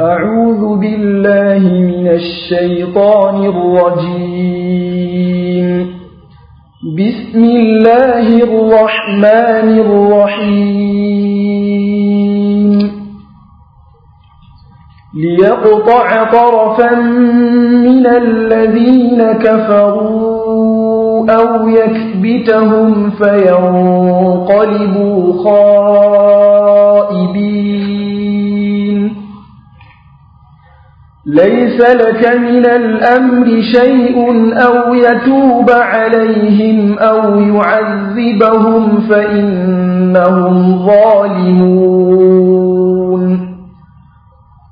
أعوذ بالله من الشيطان الرجيم بسم الله الرحمن الرحيم ليقطع طرفا من الذين كفروا أو يكبتهم فينقلبوا خائبين ليس لك من الأمر شيء أو يتوب عليهم أو يعذبهم فإنهم ظالمون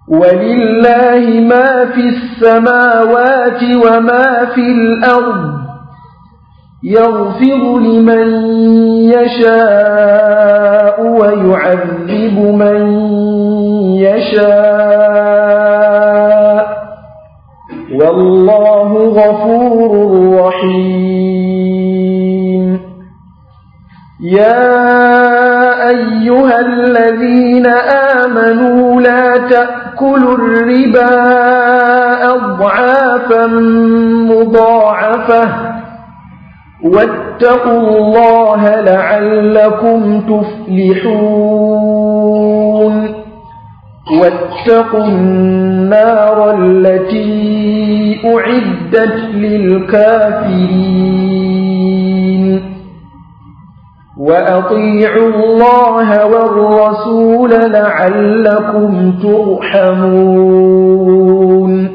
ولله ما في السماوات وما في الأرض يغفر لمن يشاء ويعذب من يشاء والله غفور رحيم يا أيها الذين آمنوا لا تأكلوا الربا أضعافا مضاعفة واتقوا الله لعلكم تفلحون واتقوا النار التي أعدت للكافرين وأطيعوا الله والرسول لعلكم ترحمون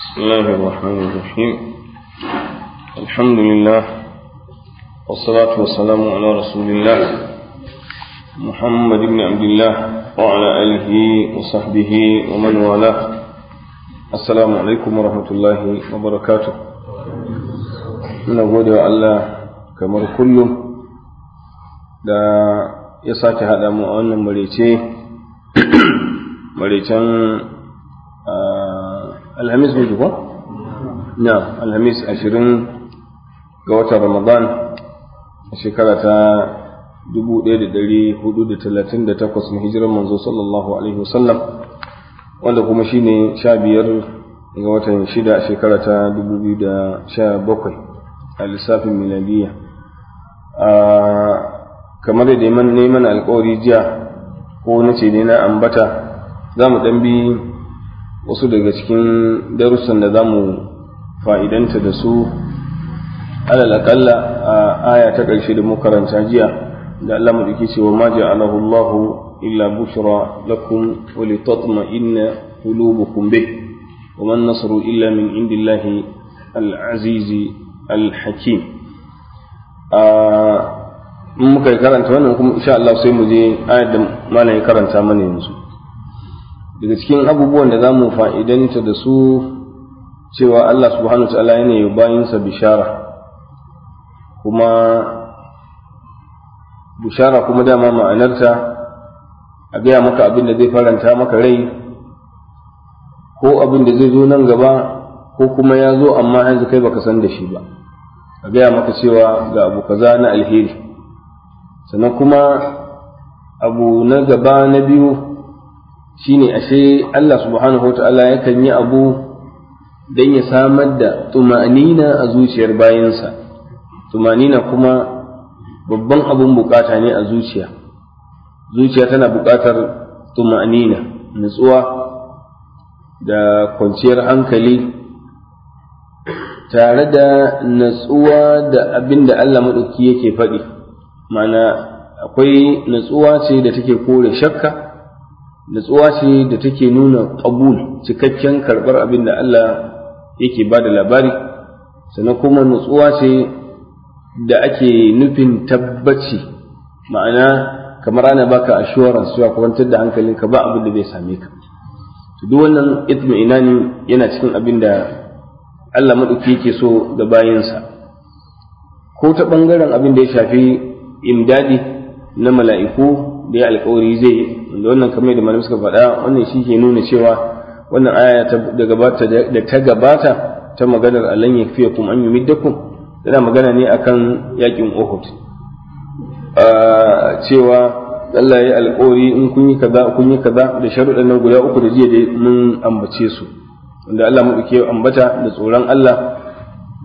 بسم الله الرحمن الرحيم الحمد لله والصلاة والسلام على رسول الله محمد بن عبد الله وعلى آله وصحبه ومن والاه السلام عليكم ورحمة الله وبركاته من أقول الله كمر كل da ya sake haɗa mu a wannan marece marecen alhamis ne ko? na alhamis ashirin ga watan ramadan A shekara ta 1438 na hijirar manzo sallallahu alaihi wasallam wanda kuma ne sha biyar ga watan shida a shekara ta 2017 a lissafin miladiya kamar da neman neman alkawari jiya ko na ce ne na ambata za mu ɗan bi wasu daga cikin darussan da za mu fa'idanta da su alal aqalla aya ta ƙarshe da karanta jiya da Allah mu dake cewa ma ja'alahu Allah illa bushra lakum wa litatma'inna qulubukum bih wa man nasru illa min indillahi al-aziz al-hakim in muka karanta wannan kuma insha Allah sai mu je ayar da malam ya karanta mana yanzu daga cikin abubuwan da za mu fa'idanta da su cewa Allah subhanahu wa ta'ala yana yi bayansa bishara kuma bishara kuma dama ma'anarta a gaya maka abin da zai faranta maka rai ko abin da zai zo nan gaba ko kuma ya zo amma yanzu kai baka san da shi ba a gaya maka cewa ga abu kaza na alheri sannan kuma abu na gaba na biyu shine ashe Allah subhanahu wa ta'ala yakan yi abu don ya samar da tumanina a zuciyar bayansa tumanina kuma babban abin bukata ne a zuciya zuciya tana bukatar tumanina nutsuwa da kwanciyar hankali tare da natsuwa da abin da Allah maɗauki yake faɗi mana akwai natsuwa ce da take kore shakka natsuwa ce da take nuna ƙabul cikakken karɓar abin da Allah yake ba da labari sannan kuma natsuwa ce da ake nufin tabbaci ma'ana kamar ana baka assurance suwa kwantar da ka ba abin da zai same ka duk wannan itmi'nani yana cikin abin da Allah maɗauki yake so ga bayansa. ko ta ɓangaren abin da ya shafi imdadi na mala'iku da ya alkawari zai da wannan kamar da malamai suka faɗa wannan shi ke nuna cewa wannan aya da ta gabata ta maganar alan fiyakum an yumiddakum yana magana ne akan yakin Uhud cewa Allah ya alƙawari in kun yi kaza kun yi kaza da sharuɗan na guda uku da jiya da mun ambace su wanda Allah mu ke ambata da tsoron Allah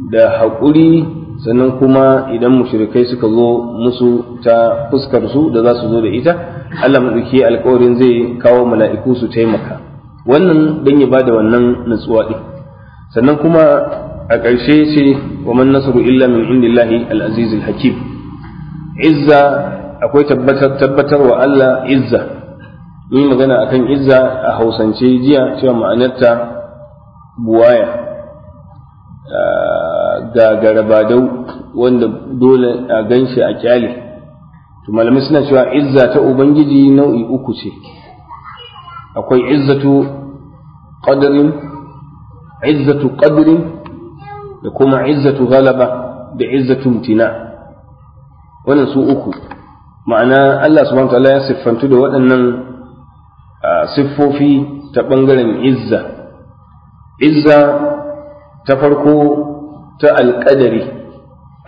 da haƙuri sannan kuma idan mushrikai suka zo musu ta fuskar su da za su zo da ita Allah mu ke alƙawarin zai kawo mala'iku su taimaka wannan dan ya bada wannan nutsuwa din sannan kuma a ƙarshe ce wa man nasaru illa min indillahi al-aziz al-hakim izza akwai tabbatar tabbatar wa Allah izza yi magana akan izza a hausance jiya cewa ma'anarta buwaya ga garabadau wanda dole a ganshi a kyale to malamai suna cewa izza ta ubangiji nau'i uku ce akwai izzatu qadrin izzatu qadrin da kuma izzatu ghalaba da izzatu imtina wannan su uku ma'ana Allah subhanahu wataala ya siffantu da waɗannan siffofi ta ɓangaren izza izza ta farko ta alƙadari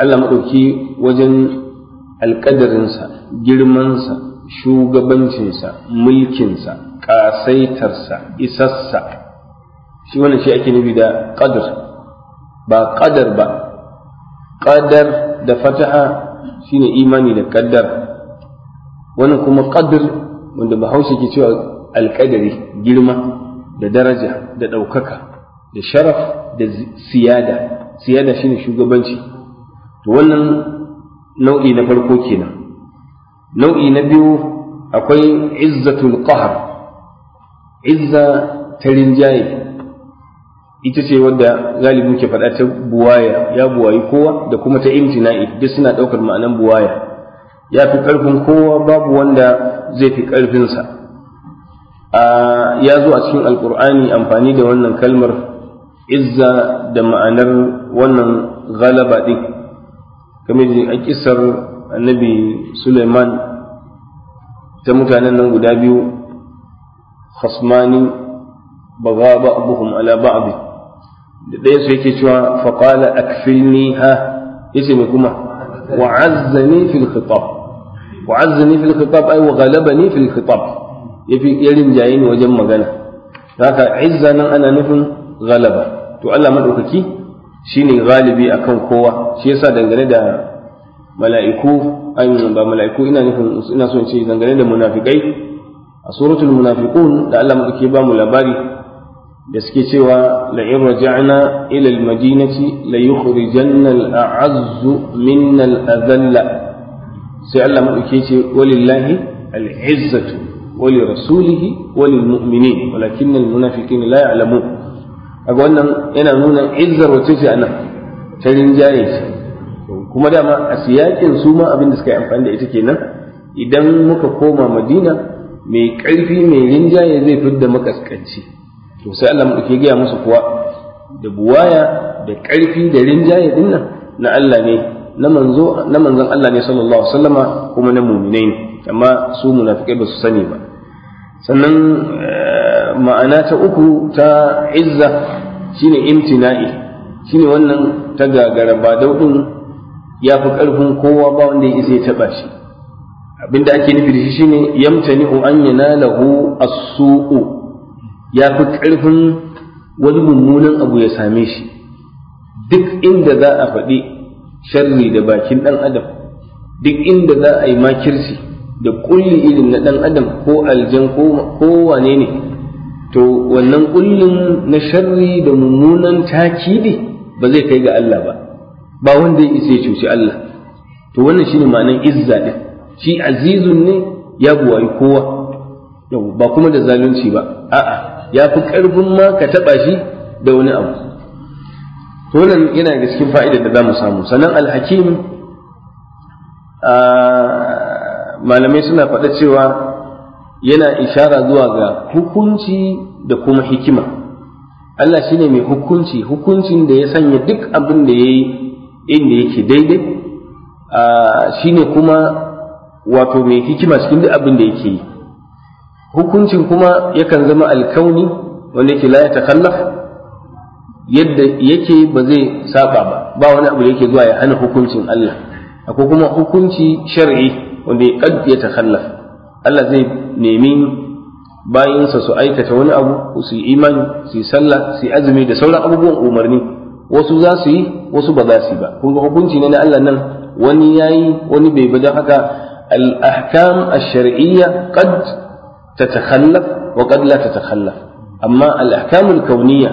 Allah maɗauki wajen alƙadarinsa girmansa shugabancinsa mulkinsa ƙasaitarsa isassa shi wannan shi ake nufi da ƙadar ba ƙadar ba ƙadar da fataha shine imani da ƙadar, wannan kuma ƙadar wanda bahaushe ke cewa alƙadari, girma da daraja da ɗaukaka da sharaf da siyada siyada shine shugabanci to wannan nau'i na farko kenan nau'i na biyu akwai izzatul qahr izza ta rinjaye ita ce wadda galibi ke faɗa ta buwaya ya buwayi kowa da kuma ta imtina'i duk suna ɗaukar ma'anan buwaya ya fi ƙarfin kowa babu wanda zai fi ƙarfinsa ya zo a cikin alƙur'ani amfani da wannan kalmar izza da ma'anar wannan galaba ɗin kamar da kisar annabi suleiman ta mutanen nan guda biyu khasmani ba abuhum ala ba'dih da ɗaya su yake cewa faƙala akfilni ha yace me kuma wa azzani fil khitab wa azzani fil khitab ai wa ghalabani fil khitab yafi ya rinjaye ni wajen magana haka izza nan ana nufin galaba to Allah madaukaki shine galibi akan kowa shi yasa dangane da mala'iku ayyun ba mala'iku ina nufin ina so in ce dangane da munafikai a suratul munafiqun da Allah madaukaki ba mu labari da suke cewa la in raja'na ila al-madinati la yukhrijanna al-a'azz minna sai Allah madauke ce walillahi al wali rasulihi wali mu'minin walakin al la ya'lamun "Aga wannan yana nuna izzar wace ce anan ta rinjaye ce kuma dama a siyakin su ma abin da suka yi amfani da ita kenan idan muka koma madina mai ƙarfi mai rinjaye zai fidda makaskanci to sai Allah mu gaya musu kuwa da buwaya da ƙarfi da rinjaye din nan na Allah ne na manzon Allah ne sallallahu alaihi wasallama kuma na mu'minai ne amma su munafikai ba su sani ba sannan eh, ma'ana ta uku ta izza shine imtina'i shine wannan ta gagara ba daudin ya fi ƙarfin kowa ba wanda ya isa ya taɓa shi abinda ake nufi da shi shine yamtani'u an yanalahu as-su'u ya fi ƙarfin wani mummunan abu ya same shi duk inda za a faɗi sharri da bakin ɗan adam duk inda za a yi makirci da ƙulli irin na ɗan adam ko aljan ko wane ne to wannan ƙullin na sharri da mummunan takidi ba zai kai ga Allah ba ba wanda ya isa ya cuci Allah to wannan shine ma'anar izza ɗin shi azizun ne ya buwayi kowa ba kuma da zalunci ba a'a ya fi ƙarfin ma ka taɓa shi da wani abu to nan yana da cikin fa'idar da za mu samu sannan alhakim malamai suna faɗa cewa yana ishara zuwa ga hukunci da kuma hikima Allah shine mai hukunci hukuncin da ya sanya duk abin da ya yi inda yake daidai shine kuma wato mai hikima cikin duk abin da yake yi hukuncin kuma yakan zama alkauni wanda yake la ya takallaf yadda yake ba zai saba ba ba wani abu da yake zuwa ya hana hukuncin Allah akwai kuma hukunci shar'i wanda ya kad ya takallaf Allah zai nemi bayansa su aikata wani abu su yi imani su yi sallah su yi azumi da sauran abubuwan umarni wasu za su yi wasu ba za su yi ba kun ga hukunci ne na Allah nan wani yayi wani bai ba haka al ahkam ash-shar'iyya qad تتخلف وقد لا تتخلف أما الأحكام الكونية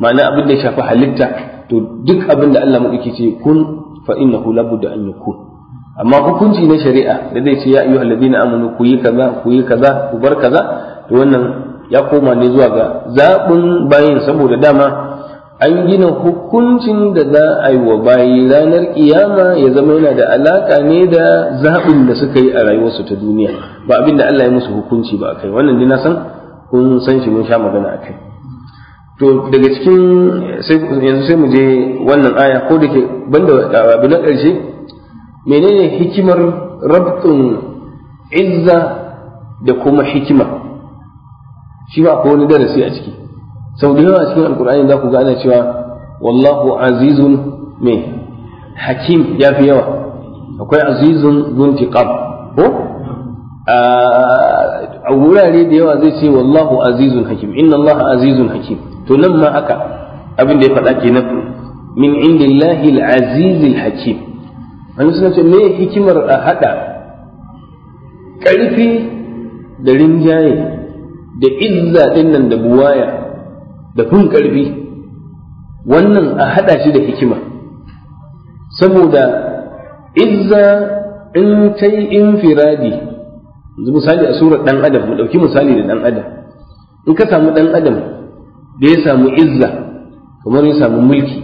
معنى أبدا شاف حلتا تدك أبدا ألا مؤكسي كن فإنه لابد أن يكون أما hukunci na shari'a da zai ce ya ayyuhal ladina amanu ku yi kaza ku yi kaza ku bar kaza to wannan ya koma ne zuwa ga zaɓin bayin saboda dama an gina hukuncin da za a yi wa bayi ranar kiyama ya zama yana da alaka ne da zaɓin da suka yi a rayuwarsu ta duniya ba abin da Allah ya musu hukunci ba a kai, wannan dina san kun san shi mun sha magana akai to daga cikin yanzu sai mu je wannan aya ko da ke banda abu na ƙarshe menene hikimar rabtun izza da kuma hikima shi ba ko wani darasi a ciki sau da yawa a cikin alkur'ani za ku ga ana cewa wallahu azizun me hakim ya fi yawa akwai azizun zuntiqam ko a wurare da yawa zai ce wallahu azizun hakim inna allaha azizun hakim to nan ma aka abin da ya faɗa ke kenan min indillahi al-azizil hakim wani suna ce me hikimar a haɗa ƙarfi da rinjaye da izza ɗin nan da buwaya da kun ƙarfi wannan a haɗa shi da hikima saboda izza in ta yi infiradi yanzu misali a surar ɗan adam mu ɗauki misali da ɗan adam in ka samu ɗan adam da ya samu izza kamar ya samu mulki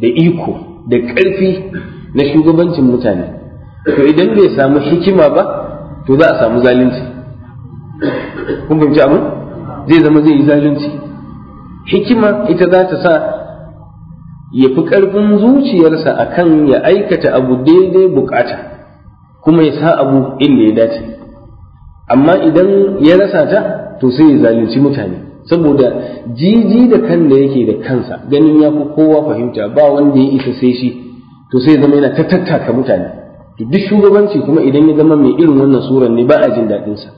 da iko da ƙarfi na shugabancin mutane to idan bai samu hikima ba to za a samu zalunci kun fahimci abin zai zama zai yi zalunci hikima ita za ta sa ya fi ƙarfin zuciyarsa kan ya aikata abu daidai bukata kuma ya sa abu inda ya dace amma idan ya rasa ta to sai ya zalunci mutane saboda jiji da kan da yake da kansa ganin ya fi kowa fahimta ba wanda ya isa sai shi to sai zama yana ta tattaka mutane to duk shugabanci kuma idan ya zama mai irin wannan suran ne ba a jin daɗinsa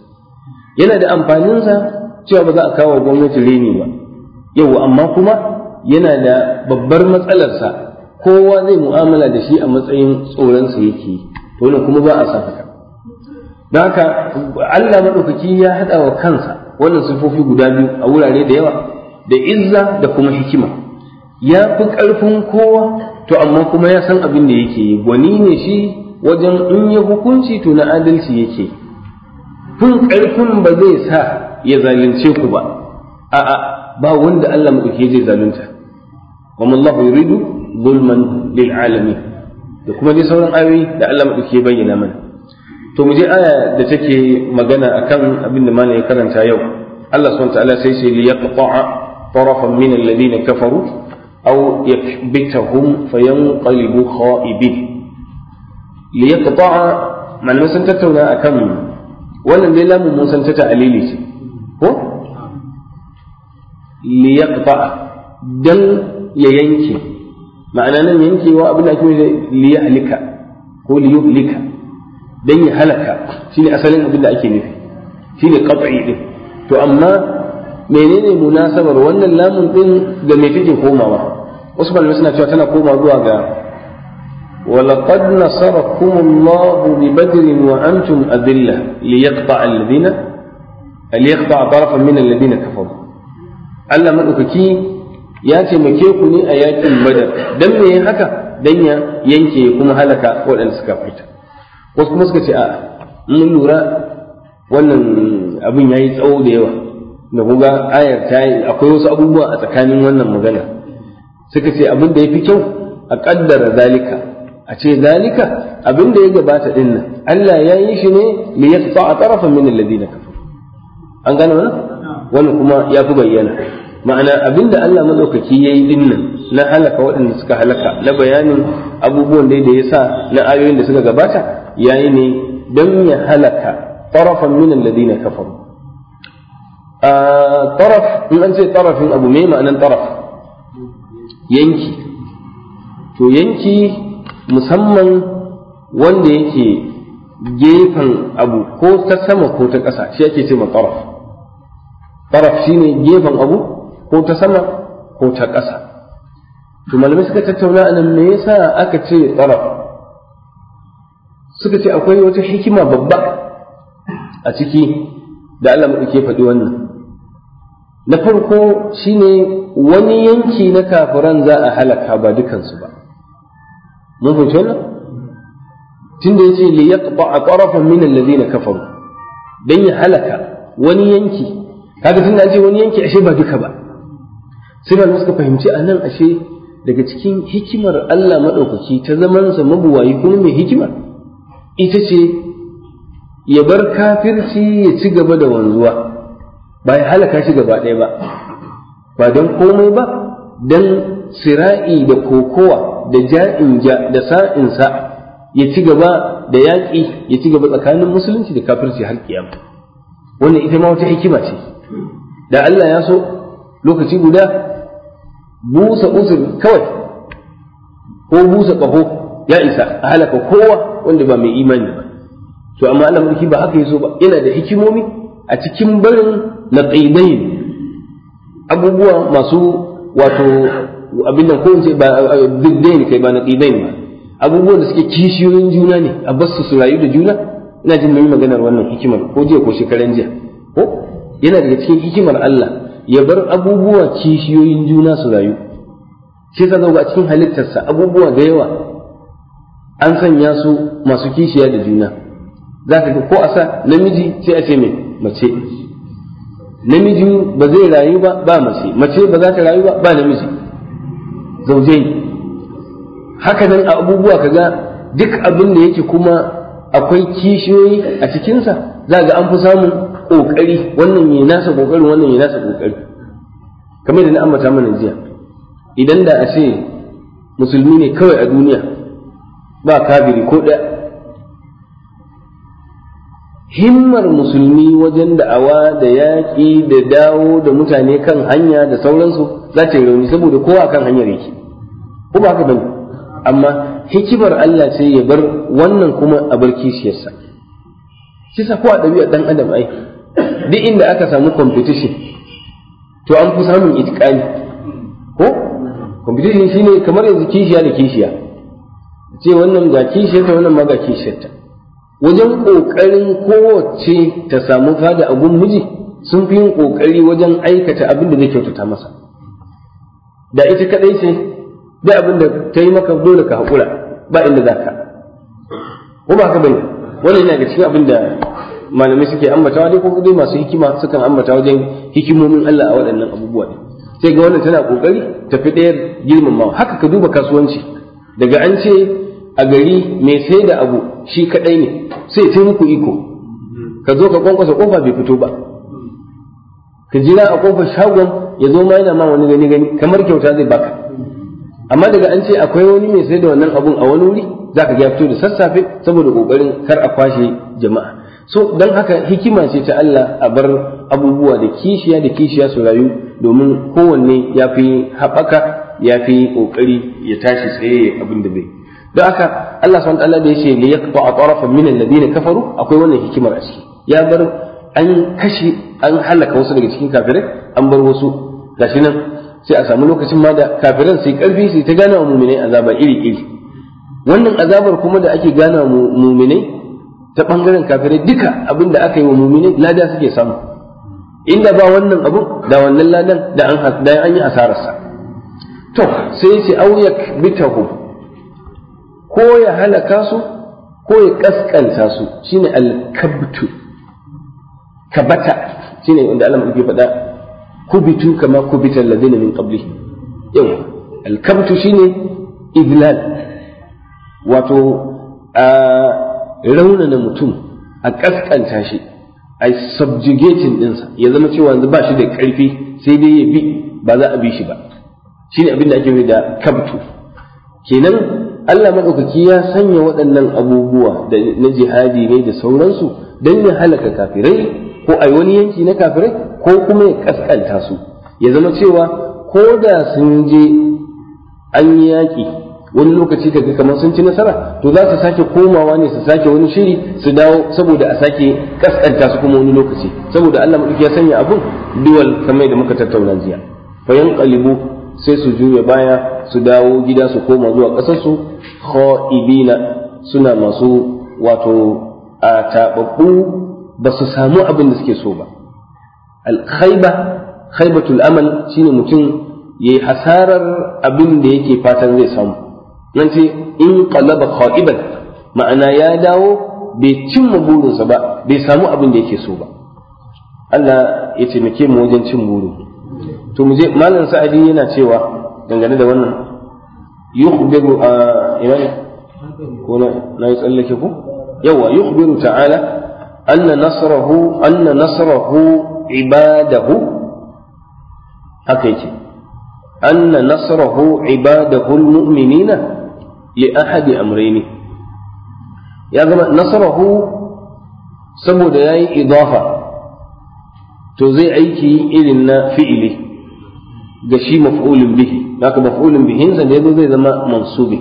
yana da amfaninsa cewa ba za a kawo gwamnati reni ba yau amma kuma yana da babbar matsalarsa kowa zai mu'amala da shi a matsayin tsoronsa yake to ne kuma ba a sa haka don haka Allah maɗaukaki ya haɗa wa kansa wannan sifofi guda biyu a wurare da yawa da izza da kuma hikima ya fi ƙarfin kowa to amma kuma ya san abin da yake yi gwani ne shi wajen in ya hukunci to na adalci yake fin ƙarfin ba zai sa ya zalunce ku ba a'a ba wanda Allah madaukake zai zalunta wa mallahu yuridu zulman lil alamin da kuma dai sauran ayoyi da Allah madaukake bayyana mana to mu je aya da take magana akan abin da malai karanta yau Allah subhanahu wa ta'ala sai sai li yaqta'a tarafan min alladhina kafaru أو يكبتهم فينقلبوا خائبين ليقطع معنى ما سنتتونا أكم wannan dai lamun mun san ta ta'alili ce liyaqba dan ya yanke ma'ana nan yankewa abin da ake nufi liyahlika ko liyuhlika dan ya halaka shine asalin abin da ake nufi shine qat'i din to amma menene munasabar wannan lamun din da me take komawa wasu malamai suna cewa tana koma zuwa ga ولقد نصركم الله ببدر وأنتم أذلة ليقطع الذين ليقطع طرفا من الذين كفروا Allah madaukaki ya taimake ku ne a yakin badar dan me haka dan ya yanke kuma halaka waɗanda suka fita wasu kuma suka ce a mun lura wannan abin yayi tsawo da yawa da kuga ayar ta yi akwai wasu abubuwa a tsakanin wannan magana suka ce abin da ya fi kyau a ƙaddara zalika a ce zalika abin da ya gabata din Allah ya yi shi ne li yaqta a tarafan min alladhina kafaru an gane wannan wani kuma ya fi bayyana ma'ana abinda Allah madaukaki yayi dinnan na halaka waɗanda suka halaka na bayanin abubuwan da ya sa na ayoyin da suka gabata yayi ne don ya halaka tarafan min alladhina kafaru taraf in an ce tarafin abu mai ma'anan taraf yanki to yanki musamman wanda yake gefen abu ko ta sama ko ta ƙasa shi ake ce taraf taraf shine gefen abu ko ta sama ko ta ƙasa to malamai suka tattauna anan me yasa aka ce taraf suka ce akwai wata hikima babba a ciki da Allah ke faɗi wannan na farko shine wani yanki na kafiran za a halaka ba dukansu ba mun fahimci wannan tunda yace li yaqta qarafan min alladhina kafaru dan ya halaka wani yanki kaga tun an ce wani yanki ashe ba duka ba sai malamai suka fahimci a nan ashe daga cikin hikimar Allah maɗaukaki ta zamansa mabuwayi kuma mai hikima ita ce ya bar kafirci ya ci gaba da wanzuwa ba ya halaka shi gaba ɗaya ba ba don komai ba don sira'i da kokowa da ja'in ja da sa'insa ya ci gaba da yaƙi ya ci gaba tsakanin musulunci da kafirci har kiyama wannan ita ma wata hikima ce da Allah ya so lokaci guda busa usur kawai ko busa ƙaho ya isa a halaka kowa wanda ba mai imani ba to amma Allah mulki ba haka yaso ba yana da hikimomi a cikin barin naqidain abubuwa masu wato abin da kowace ba biddain kai ba naqidain ba abubuwan da suke kishiyoyin juna ne a basu su rayu da juna ina jin mai maganar wannan hikimar ko jiya ko shekaran jiya ko yana daga cikin hikimar Allah ya bar abubuwa kishiyoyin juna su rayu shi ka a cikin halittarsa abubuwa da yawa an sanya su masu kishiya da juna za ka ga ko a sa namiji sai a ce mai mace namiji ba zai rayu ba ba mace mace ba za ta rayu ba ba namiji zaujai haka nan abubuwa kaga duk abin da yake kuma akwai kishiyoyi a cikinsa za ga an fi samun ƙoƙari wannan ya nasa ƙoƙarin wannan ya nasa ƙoƙari kamar da na ambata mana jiya idan da a ce musulmi ne kawai a duniya ba kabiri ko ɗaya himmar musulmi wajen da'awa da yaƙi da dawo da mutane kan hanya da sauransu za ta yi rauni saboda kowa kan hanyar yake ko ba haka bane amma hikimar Allah sai ya bar wannan kuma a bar kishiyarsa kisa ko a ɗabi'a ɗan adam ai duk inda aka samu competition to an fi samun itikani ko competition shine kamar yanzu kishiya da kishiya ce wannan ga kishiyarta wannan ma ga kishiyarta wajen ƙoƙarin kowace ta samu fada a gun miji sun fi yin ƙoƙari wajen aikata abin da zai kyautata masa da ita kaɗai ce duk abin da ta yi maka dole ka haƙura ba inda za ka ko ba ka bane wannan yana ga cikin abin da malamai suke ambatawa dai ko dai masu hikima sukan ambata wajen hikimomin Allah a waɗannan abubuwa ne sai ga wannan tana kokari fi ɗayar girmamawa haka ka duba kasuwanci daga an ce a gari mai sai da abu shi kaɗai ne sai ta muku iko ka zo ka kwankwasa kofa bai fito ba ka jira a kofar shagon ya zo ma yana ma wani gani gani kamar kyauta zai baka amma daga an ce akwai wani mai sai da wannan abun a wani wuri za ka ya fito da sassafe saboda kokarin kar a kwashe jama'a so don haka hikima ce ta Allah a bar abubuwa da kishiya da kishiya su rayu domin kowanne ya fi haɓaka ya fi ƙoƙari ya tashi tsaye abin da bai don haka Allah subhanahu ta'ala da yace li yaqta'a tarafan min alladhina kafaru akwai wannan hikimar a ciki ya bar an kashe an halaka wasu daga cikin kafirai an bar wasu gashi nan sai a samu lokacin ma da kafiran su yi karfi su ta gana wa muminai azaba iri iri wannan azabar kuma da ake gana wa muminai ta bangaren kafirai duka abin da aka yi wa muminai lada suke samu inda ba wannan abu da wannan ladan da an da an yi asararsa to sai ce auyak bitahu ko ya halaka su ko ya kaskanta su shine al-kabtu kabata shine wanda Allah ya faɗa kubitu kama kubita alladhina min qablihim yau alkabtu shine iblal wato a raunana mutum a kaskanta shi a subjugating dinsa ya zama cewa yanzu ba shi da karfi sai dai ya bi ba za a bi shi ba shine abin da ake da kabtu kenan Allah maɗaukaki ya sanya waɗannan abubuwa da na jihadi ne da sauransu don ya halaka kafirai ko a wani yanki na kafirai ko kuma ya kaskanta su ya zama cewa ko da sun je an yi yaƙi wani lokaci kaga kamar sun ci nasara to za su sake komawa ne su sake wani shiri su dawo saboda a sake kaskanta su kuma wani lokaci saboda Allah mu ya sanya abun duwal kamar da muka tattauna jiya fayan qalibu sai su juya baya su dawo gida su koma zuwa ƙasarsu ibina suna masu wato a taɓaɓɓu ba su samu abin da suke so ba Alkhaiba khaibatul amal shine mutum yayi hasarar abin da yake fatan zai samu nan in qalaba khaiban ma'ana ya dawo bai cimma burinsa ba bai samu abin da yake so ba Allah ya taimake mu wajen cin buru to mu je malam sa'adi yana cewa dangane da wannan yukhbiru a imani ko na yi tsallake ku yawa yukhbiru ta'ala anna nasrahu anna nasrahu ibadahu haka yake anna nasrahu ibadahu almu'minina li ahadi amrayni ya zama saboda yayi idafa to zai aiki irin na fi'ili ga shi maf'ulun bihi haka maf'ulun bihin sa da yazo zai zama mansubi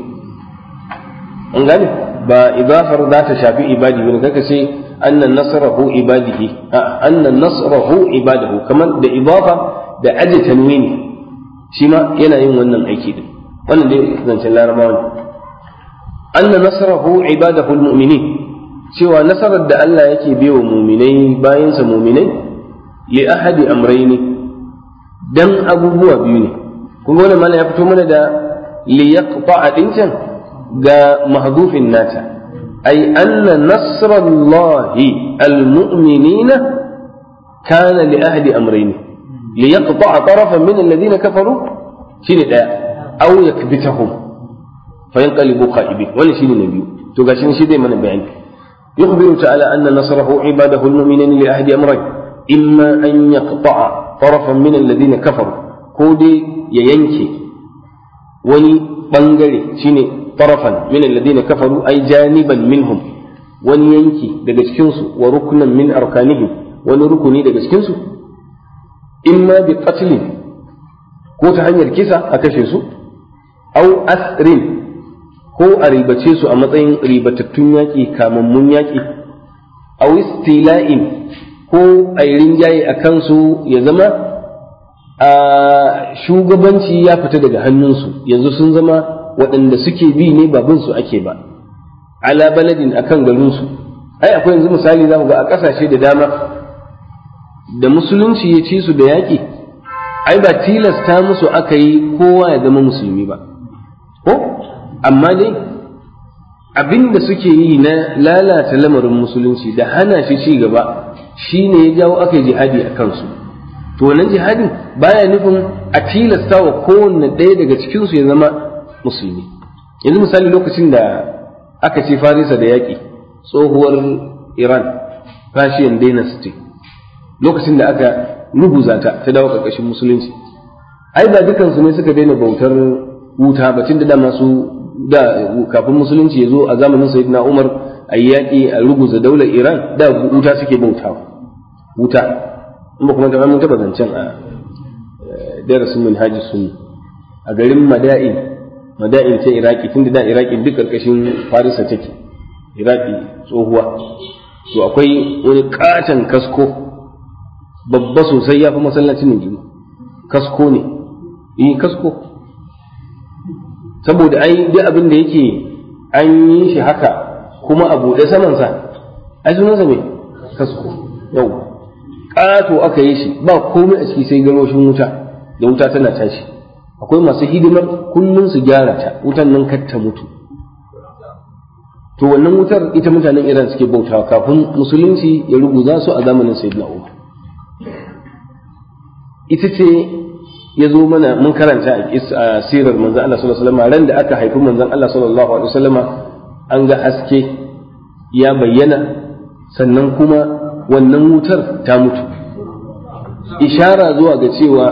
ba idafar za ta shafi ibadi bane sai anna nasrahu ibadihi anna kamar da ibafa da aje tanwini shi yana yin wannan aiki din wannan dai zancen larabawa ne anna nasrahu ibadahu almu'minin cewa nasarar da Allah yake biyo muminai bayansa muminai li ahadi amraini dan abubuwa biyu ne kun ga ya fito mana da li yaqta'a ga mahdufin nata أي أن نصر الله المؤمنين كان لأهل أمرين ليقطع طرفا من الذين كفروا شين الآية أو يكبتهم فينقلبوا خائبين ولا شين النبي تقاشين شيء دائما بيان يخبر تعالى أن نصره عباده المؤمنين لأهل أمرين إما أن يقطع طرفا من الذين كفروا كودي ينكي وني بنغري شيني طرفا من الذين كفروا أي جانبا منهم ونينكي دقشكنس وركنا من أركانهم ونركني دقشكنس إما بقتل وتحني الكسا أكشنس أو أسر ko a ribace su a matsayin ribatattun yaƙi kamammun yaƙi a istila'in ko a yi rinjaye a kansu ya zama a shugabanci ya fita daga hannunsu yanzu sun zama waɗanda suke bi ne ba bin su ake ba ala baladin akan garin su ai akwai yanzu misali za ga a ƙasashe da dama da musulunci ya ci su da yaƙi ai ba tilasta musu aka yi kowa ya zama musulmi ba ko amma dai abin da suke yi na lalata lamarin musulunci da hana shi ci gaba shi ne ya jawo aka yi jihadi a kansu to wannan jihadin baya nufin a tilasta wa kowanne ɗaya daga cikinsu ya zama musulmi yanzu misali lokacin da aka ce farisa da yaƙi tsohuwar iran fashiyan dynasty lokacin da aka ruguza ta ta dawo ƙarƙashin musulunci ai ba dukansu ne suka daina bautar wuta batun da dama su da kafin musulunci ya zo a zamanin sayyidina umar a yaƙi a ruguza daular iran da wuta suke bauta, wuta in ba kuma ta mun taɓa zancen a eh, darasin manhajis sun, a garin madain madain ce iraki tunda da iraki duk karkashin farisa take iraki tsohuwa to akwai wani katon kasko babba sosai ya fi masallacin ne kasko ne eh kasko saboda ai duk abin da yake an yi shi haka kuma a buɗe samansa ai sunansa mai kasko yau ƙato aka yi shi ba komai a ciki sai garwashin wuta da wuta tana tashi akwai masu hidimar kullum su gyara ta wutan nan kar ta mutu to wannan wutar ita mutanen Iran suke bautawa kafin musulunci ya rubuta su a zamanin Sayyidina Umar ita ce ya zo mana mun karanta a sirar manzo Allah sallallahu alaihi wasallam ran da aka haifi manzo Allah sallallahu alaihi wasallam an ga haske ya bayyana sannan kuma wannan wutar ta mutu ishara zuwa ga cewa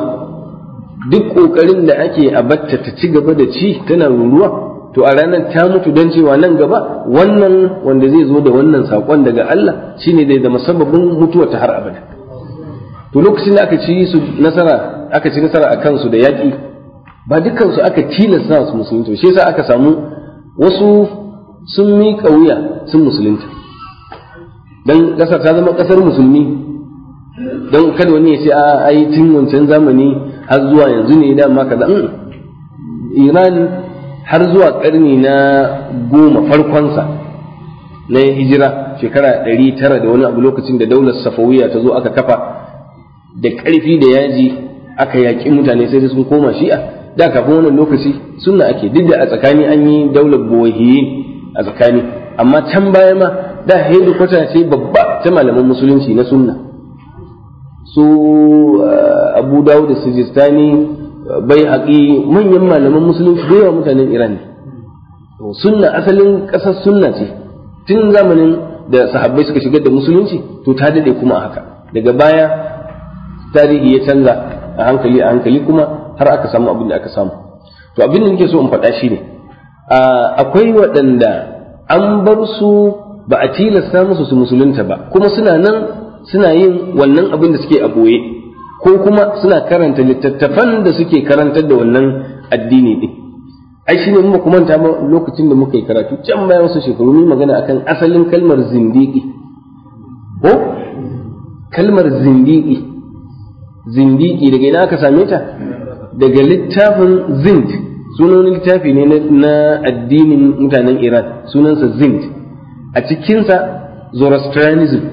duk ƙoƙarin da ake a batta ta ci gaba da ci tana ruruwa to a ranar ta mutu don cewa nan gaba wannan wanda zai zo da wannan saƙon daga Allah shine da zama sababin mutuwa ta har abada to lokacin da aka ci su nasara aka ci nasara a kansu da yaƙi ba dukkan su aka tilasta su musulunta shi yasa aka samu wasu sun miƙa wuya sun musulunta dan ƙasar ta zama ƙasar musulmi don kada wani ya ce a ai tun wancan zamani har zuwa yanzu ne da maka da iran har zuwa karni na goma farkonsa na hijira shekara ɗari tara da wani abu lokacin da daular safawiya ta zo aka kafa da ƙarfi da yaji aka yaƙi mutane sai sun koma shi'a da kafin wannan lokaci sunna ake duk da a tsakani an yi daular buwahiyin a tsakani amma can baya ma da haidu kwata ce babba ta malaman musulunci na sunna su eh, abu dawud da sijistani bai haƙi manyan malaman musulunci da yawa mutanen iran sunna asalin ƙasar sunna ce tun zamanin da sahabbai suka shigar da musulunci to ta daɗe kuma haka daga baya tarihi ya canza a hankali a hankali kuma har aka samu abin da aka samu to abin da nake so in faɗa shi ne akwai waɗanda an bar su ba a tilasta musu su musulunta ba kuma suna nan suna yin wannan abin da suke a boye ko kuma suna karanta littattafan da suke karantar da wannan addini din ai shi ne muka manta lokacin da muka yi karatu can bayan wasu shekaru mun magana akan asalin kalmar zindiki ko kalmar zindiki zindiki daga ina aka same ta daga littafin zind sunan littafi ne na addinin mutanen iran sunansa zind a cikinsa zoroastrianism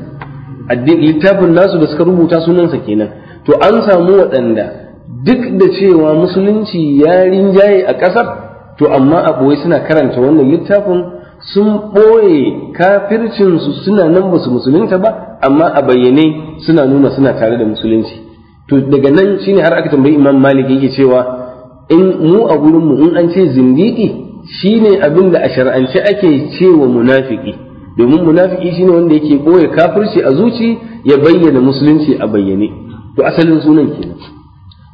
addini littafin nasu da suka rubuta sunansa kenan to an samu waɗanda duk da cewa musulunci ya rinjaye a ƙasar to amma a ɓoye suna karanta wannan littafin sun ɓoye kafircinsu suna nan ba su musulunta ba amma a bayyane suna nuna suna tare da musulunci to daga nan shine har aka tambayi imam malik yake cewa in mu a gurinmu in an ce zindiki shine abin da a shar'ance ake cewa munafiki domin munafiki shine wanda yake boye kafirci a zuci ya bayyana musulunci a bayyane to asalin sunan kenan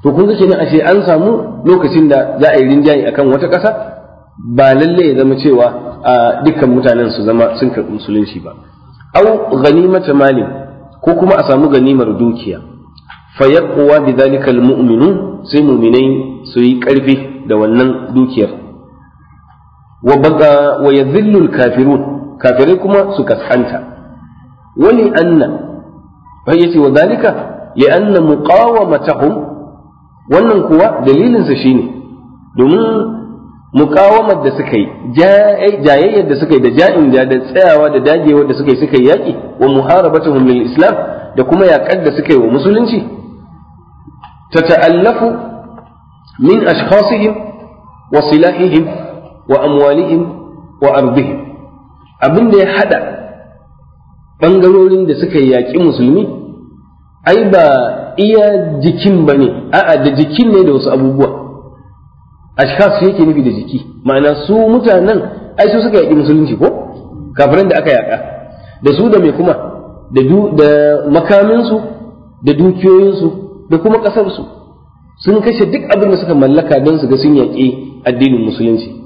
to kun ga kenan ashe an samu lokacin da za a yi rinjaye akan wata ƙasa ba lalle ya zama cewa dukkan mutanen su zama sun karɓi musulunci ba au ganimata malin ko kuma a samu ganimar dukiya fa yaqwa bidhalika almu'minun sai mu'minai su yi ƙarfi da wannan dukiyar wa baga wa yadhillu alkafirun kafirai kuma su kaskanta Wani anna bai yace wa zalika li anna muqawamatahum wannan kuwa dalilinsa shine domin muqawamar da suka yi jayayyar da suka yi da ja'in da da tsayawa da dagewar da suka yi suka yi yaƙi wa muharabatuhum lil islam da kuma yaƙar da suka yi wa musulunci tata'allafu min ashkhasihim wa silahihim wa amwalihim wa ardihim abin da ya haɗa ɓangarorin da suka yaƙi musulmi ai ba iya jikin ba ne a'a da jikin ne da wasu abubuwa ashkas yake nufi da jiki ma'ana su mutanen ai su suka yaƙi musulunci ko kafiran da aka yaƙa da su da mai kuma da makaminsu da dukiyoyinsu da kuma ƙasarsu sun kashe duk abin da suka mallaka don su ga sun yaƙi addinin musulunci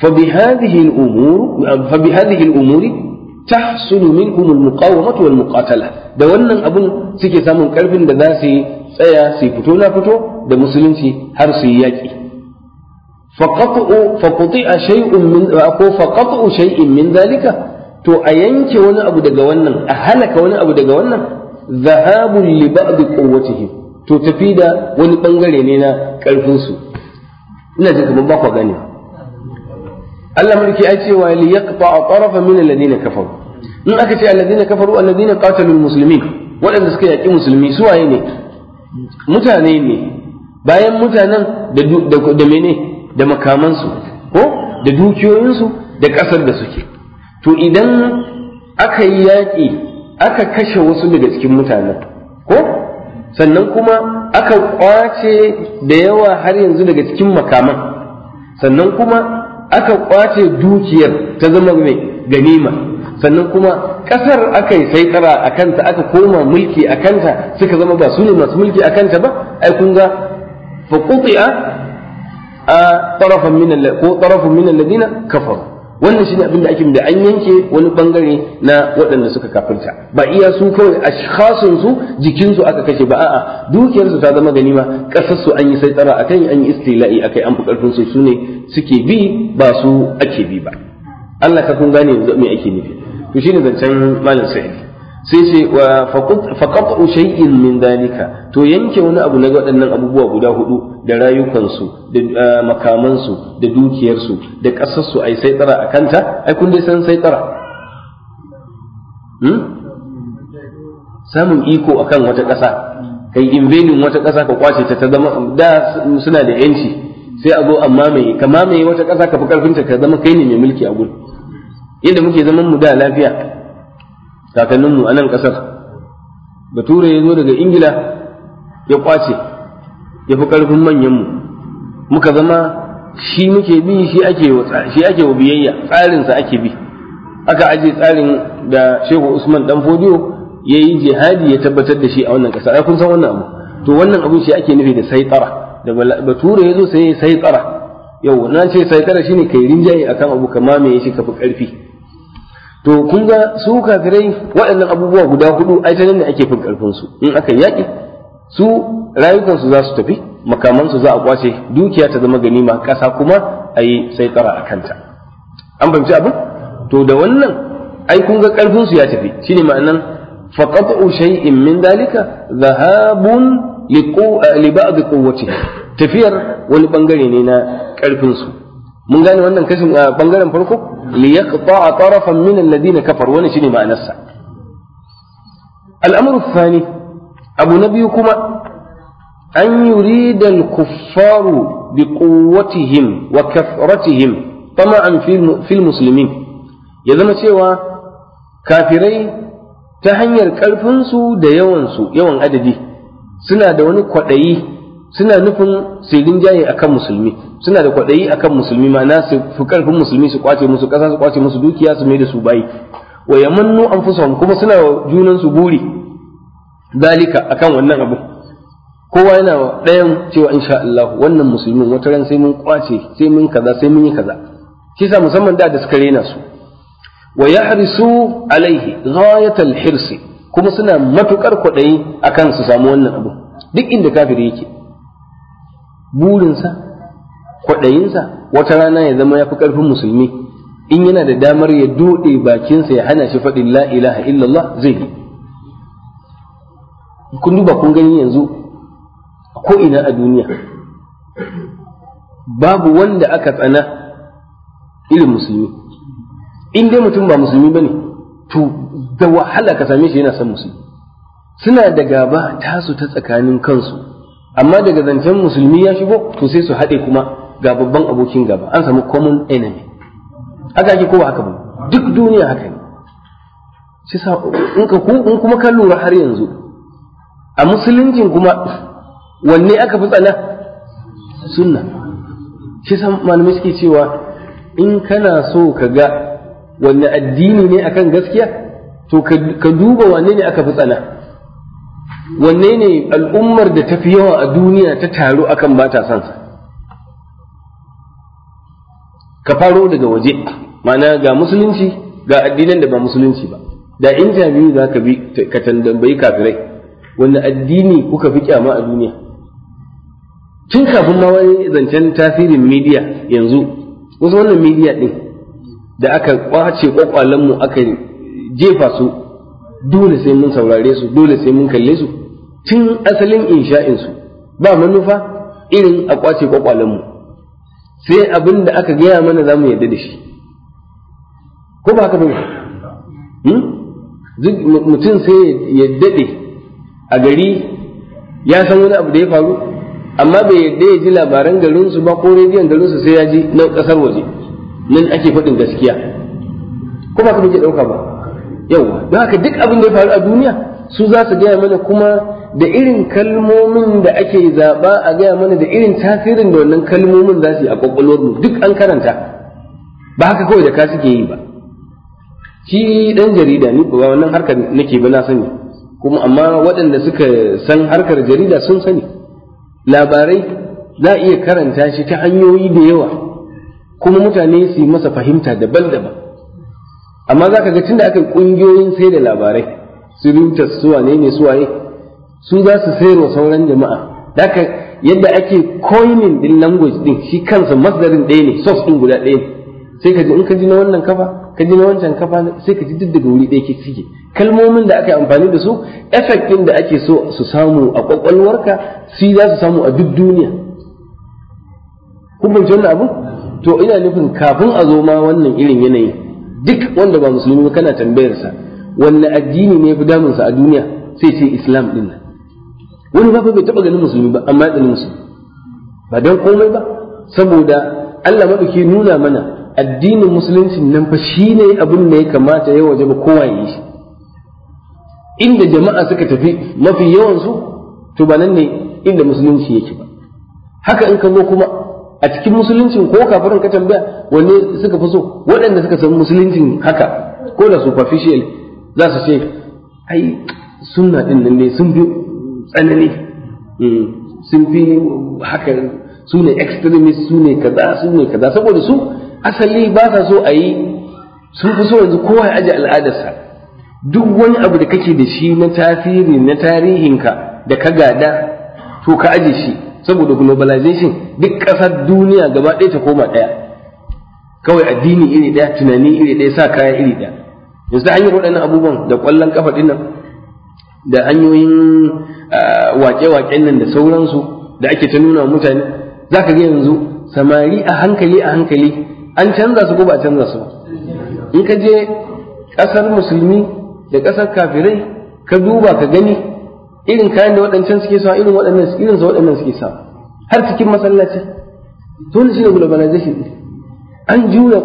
فبهذه الأمور فبهذه الأمور tahsulu minhum almuqawamatu wal muƙatala. da wannan abun suke samun ƙarfin da za su tsaya su fito na fito da musulunci har su yi yaki faqatu faqti'a shay'un min ko faqatu shay'in min zalika to a yanke wani abu daga wannan a halaka wani abu daga wannan zahabul li ba'd quwwatihim to tafi da wani bangare ne na ƙarfinsu. ina jin kamar ba ku gane Allah mulki ya ce wa li yaqta tarafa min alladhina kafaru in aka ce alladhina kafaru alladhina qatalu almuslimin waɗanda suka yaki musulmi su waye ne mutane ne bayan mutanen da mene da makamansu ko da dukiyoyinsu da ƙasar da suke to idan aka yi yaƙi aka kashe wasu daga cikin mutanen ko sannan kuma aka ƙwace da yawa har yanzu daga cikin makaman sannan kuma aka kwace dukiyar ta zama mai ganima sannan kuma kasar aka yi saitara a kanta aka koma mulki a kanta suka zama ba su ne masu mulki a kanta ba ai kun ga fa a tarafan min ko kafaru wannan shine abin da ake da an yanke wani bangare na waɗanda suka kafirta ba iya su kawai ashkhasun su jikin su aka kashe ba a'a dukiyar su ta zama ganima ƙasar su an yi sai tsara akan an yi istila'i akai an fi karfin su sune suke bi ba su ake bi ba Allah ka kun gane yanzu me ake nufi to shine zancen malam sa'id sai ce faqat shay'in min dalika to yanke wani abu na waɗannan abubuwa guda hudu da rayukansu da makamansu da dukiyarsu da ƙasarsu ai sai tsara a kanta ai kun dai san sai tsara hmm? samun iko akan wata ƙasa kai invading wata ƙasa ka kwace ta ta zama da suna da yanci sai a zo amma mai ka mamaye wata ƙasa ka fi karfinta ka zama kai ne mai mulki a gudu yadda muke zaman mu da lafiya kakanninmu a nan ƙasar bature ya zo daga ingila ya kwace ya fi ƙarfin manyanmu muka zama shi muke bi shi ake wa biyayya tsarinsa ake bi aka aje tsarin da shehu usman dan fodiyo ya yi jihadi ya tabbatar da shi a wannan ƙasa ai kun san wannan abu to wannan abun shi ake nufi da saitara da bature ya zo sai ya saitara yau na ce saitara shine kai rinjaye akan abu kama me shi ka fi ƙarfi to kun ga su kafirai waɗannan abubuwa guda hudu ai ta nan ne ake fin karfin in aka yaƙi su rayukansu za su tafi makamansu za a kwace dukiya ta zama ganima ƙasa kuma a yi sai tsara a kanta an fahimci abin to da wannan ai kun ga ƙarfin ya tafi shine ma'anan faqatu shay'in min dalika zahabun li ba'd quwwatihi tafiyar wani bangare ne na ƙarfin su mun gane wannan kashin bangaren farko li yaqta'a tarafan min alladina kafar wani shine ma'anarsa al'amru thani abu na biyu kuma an yurida al-kuffaru bi quwwatihim wa kafratihim tama'an fil muslimin ya zama cewa kafirai ta hanyar karfinsu da yawansu yawan adadi suna da wani kwaɗayi suna nufin sirrin rinjaye akan musulmi suna da kwaɗayi akan musulmi na su fi karfin musulmi su kwace musu kasa su kwace musu dukiya su mai da su bayi wa yamannu anfusuhum kuma suna junan su buri dalika akan wannan abu kowa yana ɗayan cewa insha Allah wannan musulmin wata ran sai mun kwace sai mun kaza sai mun yi kaza shi sa musamman da da suka rena su wa yahrisu alaihi ghayatal hirsi kuma suna matukar kwaɗayi akan su samu wannan abu duk inda kafiri yake burinsa kwaɗayinsa wata rana ya zama ya fi ƙarfin musulmi in yana da damar ya doɗe bakinsa ya hana shi faɗin la ilaha illallah zai yi kun duba kun gani yanzu ko ina a duniya babu wanda aka tsana irin musulmi in dai mutum ba musulmi ba ne to da wahala ka same shi yana son musulmi suna da gaba tasu ta tsakanin kansu amma daga zancen musulmi ya shigo to sai su haɗe kuma ga babban abokin gaba an samu common enemy haka ake kowa haka ba duk duniya haka ne shi sa in ka ku in kuma kan lura har yanzu a musuluncin kuma wanne aka fi tsana sunna shi sa malamai suke cewa in kana so ka ga wanne addini ne akan gaskiya to ka duba wanne ne aka fi tsana wanne ne al'ummar da ta fi yawa a duniya ta taru akan ba ta son sa ka faro daga waje mana ga musulunci ga addinan da ba musulunci ba da interview za ka bi ka tambayi kafirai wanne addini kuka fi kyama a duniya tun kafin ma wani zancen tasirin midiya yanzu wasu wannan media din da aka kwace kwakwalenmu aka jefa su dole sai mun saurare su dole sai mun kalle su tun asalin insha'in su ba manufa irin a kwace kwakwalen mu sai abin da aka gaya mana zamu yarda da shi ko ba haka bane hmm? mutum sai ya daɗe a gari ya san wani abu da ya faru amma bai yarda ya ji labaran garinsu ba ko rediyon garinsu sai ya ji nan ƙasar waje nan ake faɗin gaskiya ko ba ka muke ɗauka ba yawa don haka duk abin da ya faru a duniya su za su gaya mana kuma da irin kalmomin da ake zaɓa a gaya mana da irin tasirin da wannan kalmomin za su yi a mu duk an karanta ba haka kawai da ka suke yi ba shi dan jarida ni ba wannan harkar nake ba na sani kuma amma waɗanda suka san harkar jarida sun sani labarai za a iya karanta shi ta hanyoyi da yawa kuma mutane su yi masa fahimta daban-daban amma za ka ga da aka yi ƙungiyoyin sai da labarai su rinta su wane ne su waye su za su wa sauran jama'a da yadda ake koinin din language din shi kansa masdarin ɗaya ne source din guda ɗaya ne sai ka ji in ka ji na wannan kafa ka ji na wancan kafa sai ka ji duk daga wuri ɗaya ke cike. kalmomin da aka yi amfani da su effect din da ake so su samu a ƙwaƙwalwarka, su za su samu a duk duniya kun fahimci wannan abu to ina nufin kafin a zo ma wannan irin yanayi duk wanda ba musulmi kana tambayar sa wanne addini ne fi damun sa a duniya sai ce islam din nan wani ba bai taba ganin musulmi ba amma ya musulmi ba dan komai ba saboda Allah madauki nuna mana addinin musulunci nan fa shine abin da ya kamata ya ba kowa yi shi inda jama'a suka tafi mafi yawan su to ba nan ne inda musulunci yake ba haka in ka zo kuma a cikin musuluncin ko kafirin ka tambaya wanne suka fi so waɗanda suka san musuluncin haka ko da superficial za su ce ai sunna din nan ne sun fi tsanani hmm, sun fi haka su ne extremist su ne kaza su ne kaza saboda su asali ba sa so a yi sun fi so yanzu kowa ya aje al'adarsa duk wani abu da kake da shi na tasiri na tarihinka da ka gada to ka aje shi saboda globalization duk ƙasar duniya gaba ɗaya ta koma ɗaya kawai addini iri ɗaya tunani iri ɗaya sa kaya iri ɗaya yanzu an yi waɗannan abubuwan da ƙwallon kafa ɗin da hanyoyin waƙe-waƙen nan da sauransu da ake ta nuna mutane za ka ga yanzu samari a hankali a hankali an canza su ko ba a canza su in ka je ƙasar musulmi da ƙasar kafirai ka duba ka gani irin kayan da waɗancan suke sa irin waɗannan irin sa waɗannan suke sa har cikin masallaci dole ne globalization din an juya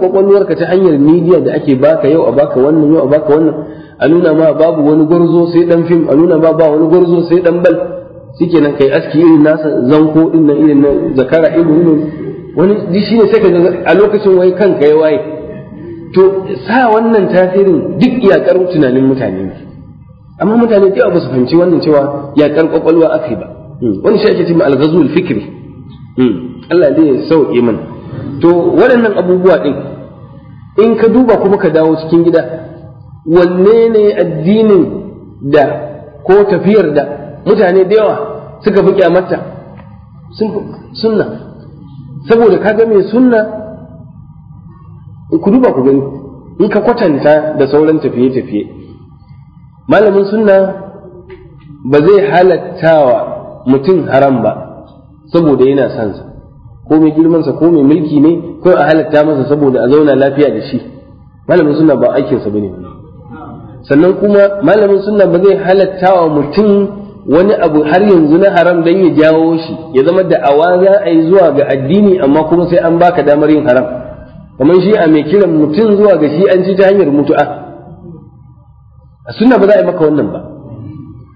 ka ta hanyar media da ake baka yau a baka wannan yau a baka wannan a nuna ma babu wani gwarzo sai dan fim a nuna ma ba wani gwarzo sai dan bal nan kai aski irin nasa zanko din nan irin na zakara irin ne wani di shine sai ka a lokacin wai kanka ya waye to sa wannan tasirin duk iyakar tunanin mutane ne amma mutane da yawa ba su fahimci wannan cewa ya kan kwakwalwa aka ba hmm. wani shi ake cewa al-ghazul fikri hmm. Allah dai ya sauke mana to waɗannan abubuwa din in ka duba kuma ka dawo cikin gida wanne ne addinin da ko tafiyar da mutane da yawa suka fi kyamata sunna saboda ka ga mai sunna ku duba ku gani in ka kwatanta da sauran tafiye-tafiye malamin sunna ba zai halattawa mutum haram ba saboda yana son sa ko mai girman ko mai mulki ne ko a halatta masa saboda a zauna lafiya da shi malamin sunna ba aikin sa bane sannan kuma malamin sunna ba zai halattawa mutum wani abu har yanzu na haram dan ya jawo shi ya zama da awa za a yi zuwa ga addini amma kuma sai an baka damar yin haram kamar shi a mai kiran mutum zuwa ga shi an ci ta hanyar mutu'a a sunna ba za a yi maka wannan ba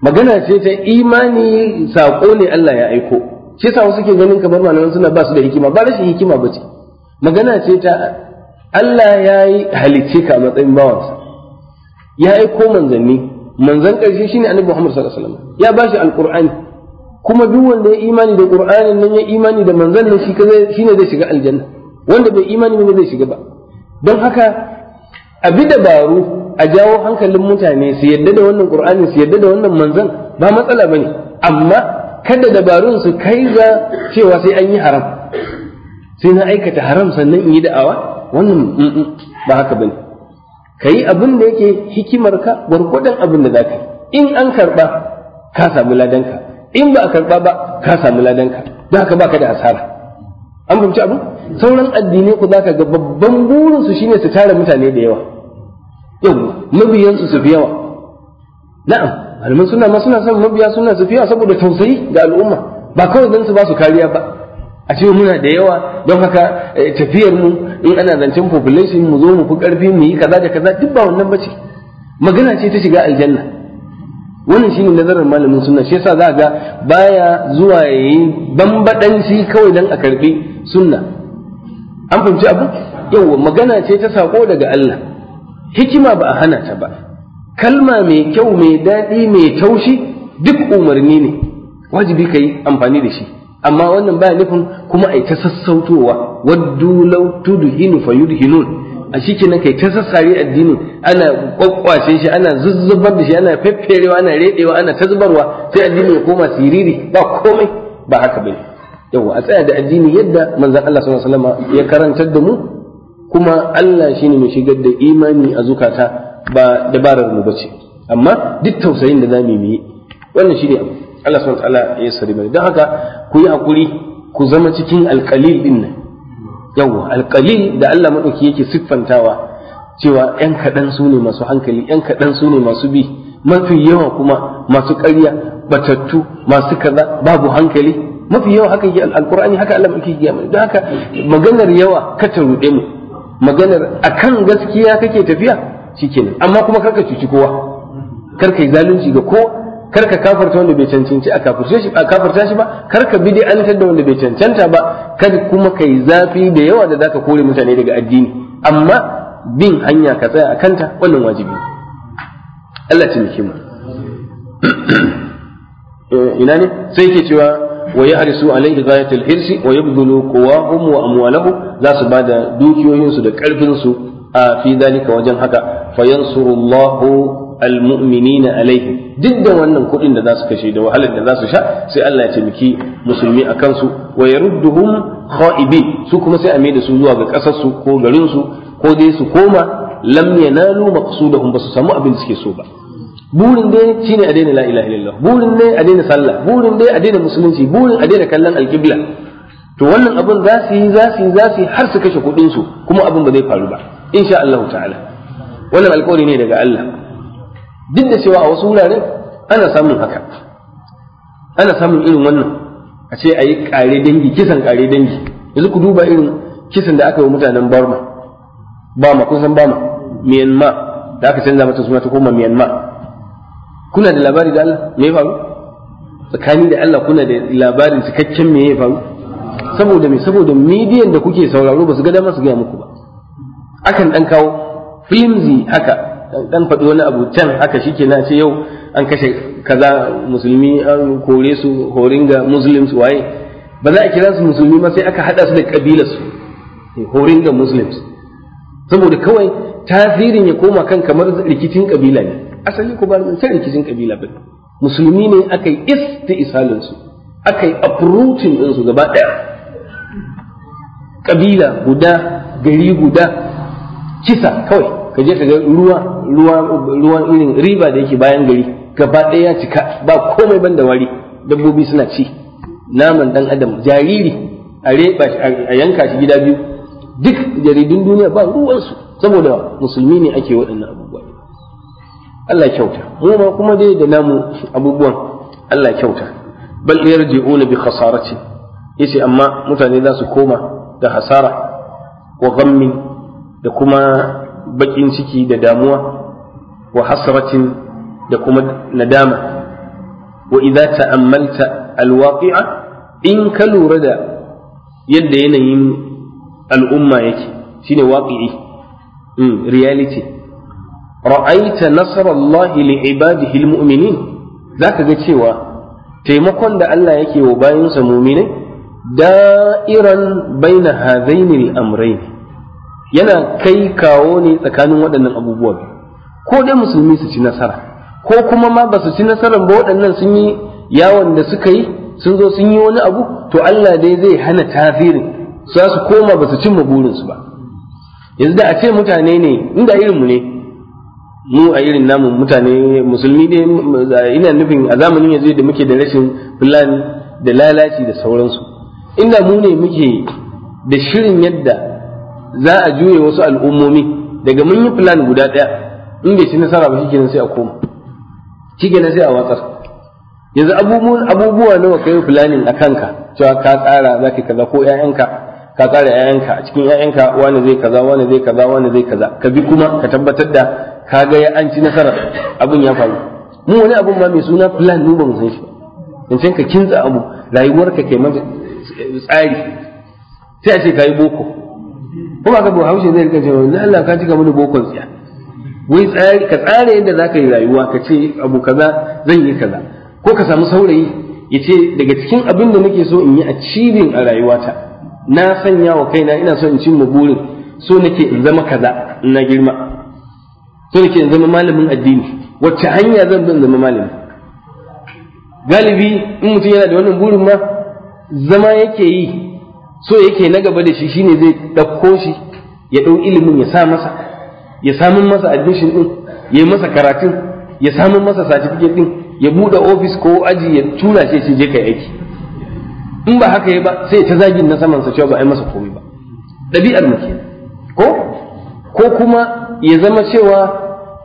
magana ce ta imani saƙo ne Allah ya aiko shi yasa wasu ke ganin kamar malaman suna ba su da hikima ba rashin hikima ba ce magana ce ta Allah ya yi halicce ka a matsayin bawansa ya aiko manzanni manzan ƙarshe shine annabi Muhammad sallallahu alaihi wasallam ya bashi alqur'ani kuma duk wanda ya imani da qur'anin nan ya imani da manzan nan shi kaza shine zai shiga aljanna wanda bai imani ba zai shiga ba don haka abi dabaru a jawo hankalin mutane su yadda da wannan qur'ani su yadda da wannan manzon ba matsala bane amma kada dabarun su kai ga cewa sai an yi haram sai na aikata haram sannan in yi da'awa wannan ba haka bane kai abin da yake hikimarka gwargwadon abin da zaka in an karba ka samu ladanka in ba a karba ba ka samu ladanka don haka baka da asara an fahimci abu sauran addinai ku zaka ga babban burinsu shine su tara mutane da yawa yau su fi yawa na'am malaman suna ma suna son mabiya suna su fi yawa saboda tausayi ga al'umma ba kawai don su ba kariya ba a ce muna da yawa don haka eh, tafiyar mu in ana zancen population mu zo mu fi karfi mu yi kaza da kaza duk ba wannan bace magana ce ta shiga aljanna wannan shine nazarin malamin sunna shi yasa za ga baya zuwa yayi bambadanci kawai dan a karbi sunna an fahimci abu yawa magana ce ta sako daga Allah hikima ba a hana ta ba kalma mai kyau mai daɗi mai taushi duk umarni ne wajibi ka yi amfani da shi amma wannan baya nufin kuma a yi ta sassautowa waddu law tudhinu fayudhinun a shike nan kai ta sassare addinin ana kwakwashe shi ana zuzzubar da shi ana fefferewa ana reɗewa, ana ta sai addinin ya koma siriri ba komai ba haka bane yawa a tsaya da addini yadda manzon Allah sallallahu alaihi wasallam ya karantar da mu kuma Allah shi ne mai shigar da imani a zukata ba dabarar mu ce, amma duk tausayin da zamu yi wannan shi ne abu Allah subhanahu ta'ala ya sari mai don haka ku yi hakuri ku zama cikin alqalil din nan yawa alqalil da Allah madauki yake siffantawa cewa ‘yan kadan su ne masu hankali, ‘yan kadan su ne masu bi, mafi yawa kuma masu ƙarya, batattu, masu kaza, babu hankali, mafi yawa haka yi al'alƙur'ani haka Allah mulki yi don haka maganar yawa kata ruɗe mu. maganar a kan gaskiya kake tafiya shikenan amma kuma karka cuci kowa karka yi zalunci ga kowa karka kafarta wanda bai cancanci a kafarta shi ba karka bid'antar da wanda bai cancanta ba kada kuma ka yi zafi da yawa da zaka kore mutane daga addini amma bin hanya ka tsaya a kanta wannan wajibi Allah ce mu eh, ina ne sai ke cewa ويحرصوا عليه غاية الحرص ويبذلوا قواهم وأموالهم لا سبادا دوكيو ينسو دكالفنسو آه في ذلك وجن حكا فينصر الله المؤمنين عليه ضد wannan kuɗin da za su kashe da wahalar da za su sha sai Allah ya taimaki musulmi a kansu wa yarudduhum kha'ibin su kuma sai a mai da su zuwa ga kasar su ko garin ko koma lam su abin da suke so ba burin dai shine a daina la ilaha burin ne a daina sallah burin dai a daina musulunci burin a daina kallon alqibla to wannan abun za su yi za su yi za su yi har su kashe kuɗin su kuma abin ba zai faru ba insha Allah ta'ala wannan alƙawari ne daga Allah duk da cewa a wasu wurare ana samun haka ana samun irin wannan a ce a yi ƙare dangi kisan ƙare dangi yanzu ku duba irin kisan da aka yi mutanen Burma Burma kun san Burma Myanmar da aka canza mata suna ta koma Myanmar kuna da labari da Allah me ya faru tsakani da Allah kuna da labarin cikakken me ya faru saboda me saboda midiyan da kuke sauraro ba su ga dama su gaya muku ba akan dan kawo filmzi haka dan faɗi wani abu can haka shike na ce yau an kashe kaza musulmi an kore su horinga muslims waye ba za a kira su musulmi ba sai aka hada su da kabilar su eh, horinga muslims saboda kawai tasirin ya koma kan kamar rikicin kabila ne asali ko ba san rikicin kabila ba musulmi ne akai yi istisalin su aka yi uprooting din su gaba daya kabila guda gari guda kisa kawai kaje je ka ga ruwa ruwa ruwa irin riba da yake bayan gari gaba daya cika ba komai banda wari dabbobi suna ci naman dan adam jariri a reba a yanka shi gida biyu duk jaridun duniya ba ruwansu saboda musulmi ne ake waɗannan abubuwa Allah kyauta mu ma kuma dai da namu abubuwan Allah kyauta bal yarji'una bi khasarati yace amma mutane za su koma da hasara wa ghammi da kuma baƙin ciki da damuwa wa hasratin da kuma nadama wa idza ta'ammalta alwaqi'a in ka lura da yadda yanayin al'umma yake shine waqi'i mm, reality ra'aita nasarallahi li'ibadihi almu'minin zaka ga cewa taimakon da Allah yake wa bayansa mu'minai da'iran baina hadaini al-amrayn yana kai kawo ne tsakanin waɗannan abubuwa ko dai musulmi su ci nasara ko kuma ma ba su ci nasarar ba waɗannan sun yi yawon da suka yi sun zo sun yi wani abu to Allah dai zai hana tasirin za su koma ba su cimma burinsu ba yanzu da a ce mutane ne inda irinmu ne mu a irin namu mutane musulmi ne ina nufin a zamanin yanzu da muke da rashin plan da lalaci da sauransu inda mu ne muke da shirin yadda za a juye wasu al'ummomi daga mun yi plan guda ɗaya in bai ci nasara ba shikenan sai a koma shikenan sai a watsar yanzu abubuwa nawa kai planning a kanka cewa ka tsara za ka kaza ko 'ya'yanka ka tsara 'ya'yanka a cikin 'ya'yanka, wani zai kaza wani zai kaza wani zai kaza ka bi kuma ka tabbatar da ka ga ya an ci nasarar abin ya faru mu wani abun ba mai suna plan mu ba mu san shi in san ka kintsa abu rayuwarka kai mata tsari sai a ce ka yi boko kuma ka Haushe zai rika cewa na Allah ka cika mini bokon tsiya wai tsari ka tsara yadda za ka yi rayuwa ka ce abu kaza zan yi kaza ko ka samu saurayi ya ce daga cikin abin da nake so in yi a cibin a rayuwata na sanya wa kaina ina so in ci mu burin so nake in zama kaza na girma so nake in zama malamin addini wacce hanya zan bi in zama malami galibi in mutum yana da wannan burin ma zama yake yi so yake na gaba da shi shine zai ɗauko shi ya ɗau ilimin ya sa masa ya samun masa admission ɗin ya yi masa karatun ya samun masa certificate ɗin ya buɗe ofis ko aji ya tura shi je kai aiki in ba haka yi ba sai ta zagin na samansa cewa ba a yi masa komai ba ɗabi'ar mu ko ko kuma ya zama cewa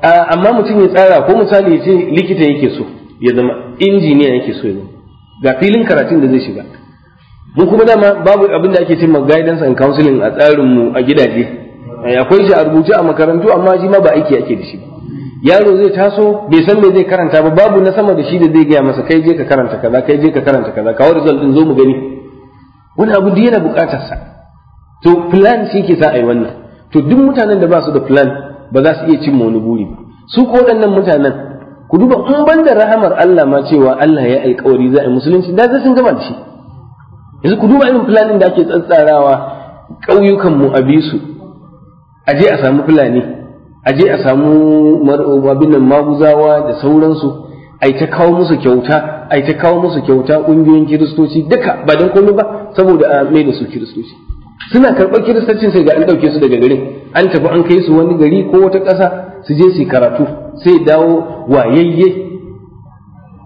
amma mutum ya tsara ko misali ya ce likita yake so ya zama injiniya yake so ya ga filin karatun da zai shiga mu kuma dama babu abin da ake ce ma guidance and counseling a tsarin mu a gidaje akwai shi a rubuce a makarantu amma shi ma ba aiki ake da shi ba yaro zai taso bai san me zai karanta ba babu na sama da shi da zai gaya masa kai je ka karanta kaza kai je ka karanta kaza kawo result din zo mu gani wani abu da yana bukatar sa to plan shi ke sa ai wannan to duk mutanen da ba su da plan ba za su iya cimma wani buri ba su ko waɗannan mutanen ku duba in ban da rahamar Allah ma cewa Allah ya alƙawari za a yi musulunci da zai sun gama da shi yanzu ku duba irin planin da ake tsatsarawa ƙauyukan mu a bisu a je a samu fulani a je a samu abin nan maguzawa da sauransu ai ta kawo musu kyauta ai ta kawo musu kyauta ƙungiyoyin kiristoci duka ba don komai ba saboda a mai da su kiristoci suna karɓar kiristocin sai ga an ɗauke su daga garin an tafi an kai su wani gari ko wata ƙasa su je su karatu sai dawo wayayye